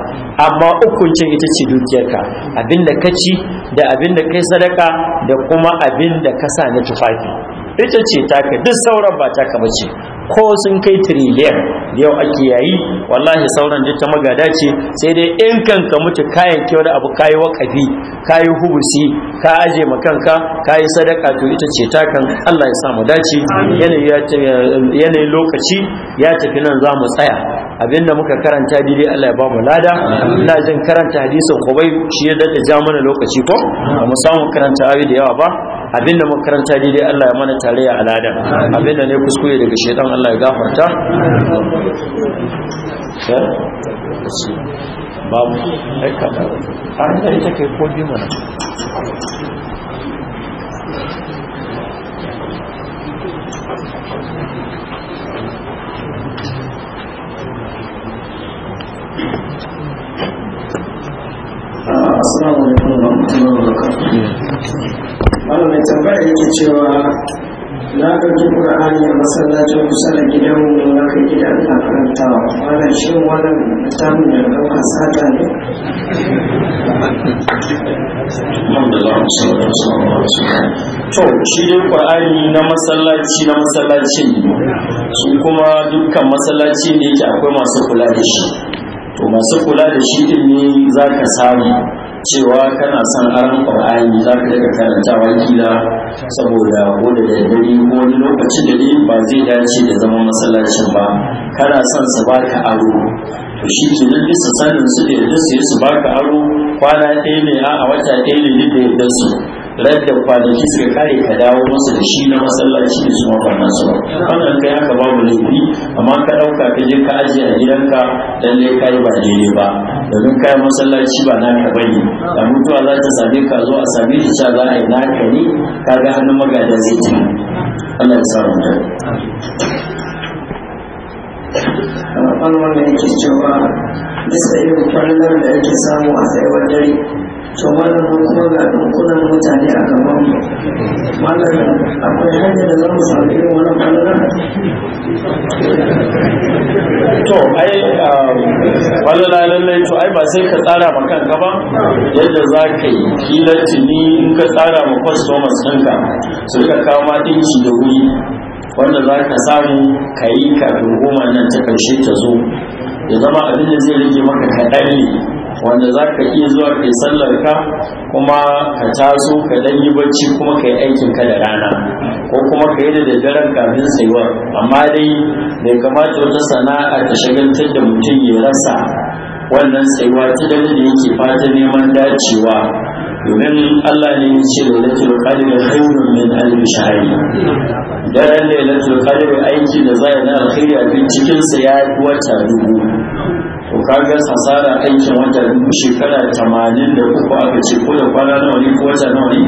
amma ukun cin ita ce dukiyarka abinda ka ci da abinda kai sadaka da kuma abinda ka sa na tufafi ita ce taka duk sauran ba taka bace ko sun kai trillion yau ake yayi wallahi sauran duk ta magada ce sai dai in kanka mutu kayan kyau da abu kayi wakafi kayi hubusi ka aje ma kanka kayi sadaka to ita ce takan Allah ya sa dace yanayi lokaci ya tafi nan za mu tsaya abinda muka karanta daidai Allah ya ba mu lada ina jin karanta hadisin kubai shi ya dada ja mana lokaci ko ba mu samu karanta ayoyi da yawa ba abinda muka karanta daidai Allah ya mana tarayya a lada abinda ne kuskure daga shedan Allah ya gafarta eh? babu aika an da ita kai ko biyu mana rahmatullahi mai tambaya yake cewa na ɗauki ƙur'ani a masallacin kusa da gidanmu na kai gida ina karantawa wannan shin wannan littafin da ɗauka sata ne to shi dai ƙur'ani na masallaci na masallacin su kuma dukkan masallaci ne yake akwai masu kula da shi to masu kula da shi ɗin ne za ka samu cewa kana son aron ƙwar'ani za ka daga karantawa kila saboda ko da daddare ko wani lokaci da ne ba zai dace da zama masallacin ba kana son su ba aro to shi ke nan bisa sanin su da yadda su yi su baka aro kwana ɗaya ne a wata ɗaya ne duk da yadda su kwana kwanaki suka kare ka dawo masa da shi na masallaci da su mafarnan su wannan kai haka babu laifi amma ka ɗauka ka je ka aje a gidanka dan ka yi ba daidai ba domin kai masallaci ba na ka bane da mutuwa za ta same ka zo a same shi sha za a yi naka ne ka ga hannun magajin zai ci Allah ya sa mu da wannan yake cewa sai irin kwallon da ake samu a tsayawar dare to wannan mun kuma ga dunkunan mutane a gaban mu wannan akwai hanyar da za mu samu irin wannan bangaren to ai wani um, lallai to ai ba sai ka tsara ma kanka ba yadda za ka yi kila tuni in ka tsara ma customers ɗinka su rika kama ɗinki da wuri wanda za ka samu ka yi kafin goma nan ta ƙarshe ta zo ya zama abin da zai rage maka kaɗan ne wanda za ka iya zuwa kai sallar ka kuma ka taso ka dan yi bacci kuma ka yi aikin ka da rana ko kuma ka yi da daddaren kafin tsayuwar amma dai bai kamata wata sana'a ta shagaltar da mutum ya rasa wannan tsayuwa ta da yake fata neman dacewa domin Allah ne ya ce da lailatul qadir khairun min alf shahr daren lailatul qadir aiki da zai na alkhairi a cikin sa ya wata dubu kaga sasara aikin wata shekara tamanin da uku aka ce ko da kwana nawa ne ko wata nawa ne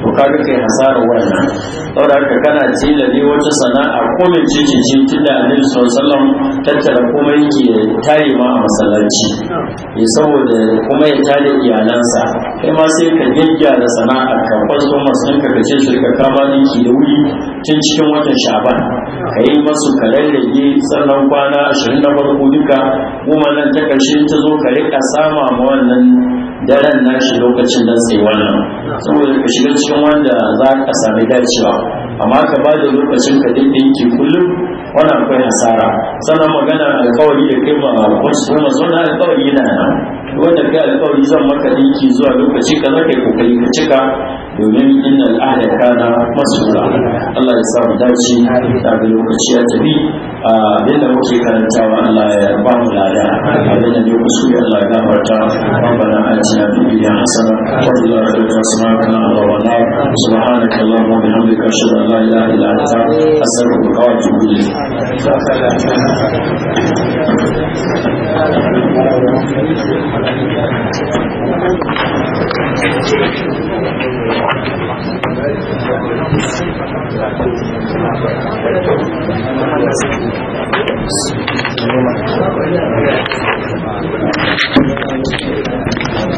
to kaga kai hasara wannan saboda haka kana tila ne wata sana'a ko mai ce ce ce tunda annabi sallallahu tattara kuma yake tare ma a masallaci ya saboda kuma ya tare iyalansa kai ma sai ka gyaggyara sana'a ka kwazo masu ka kace shirka kama ninki da wuri tun cikin watan sha'ban ka yi masu ka rarrage sannan kwana ashirin na farko duka kuma nan ta ƙarshe ta zo ka rika sama ma wannan na shi lokacin da sai wannan saboda ka shiga cikin wanda za ka sami dacewa amma ka ba da lokacin ka dinki kullum wannan akwai nasara sannan magana alkawari da kai ma kuma zauna alkawari yana nan wanda kai alkawari zan maka dinki zuwa lokaci ka zaka yi kokari ka cika domin inna al'ahda kana masula Allah ya sa mu dace ga lokaci ya tafi abinda muke karantawa Allah ya ba mu lada abinda da ku su Allah ya gafarta rabbana آتنا في الدنيا حسنة وفي الآخرة حسنة وقنا عذاب النار سبحانك اللهم وبحمدك أشهد أن لا إله إلا أنت أستغفرك وأتوب إليك Thank you.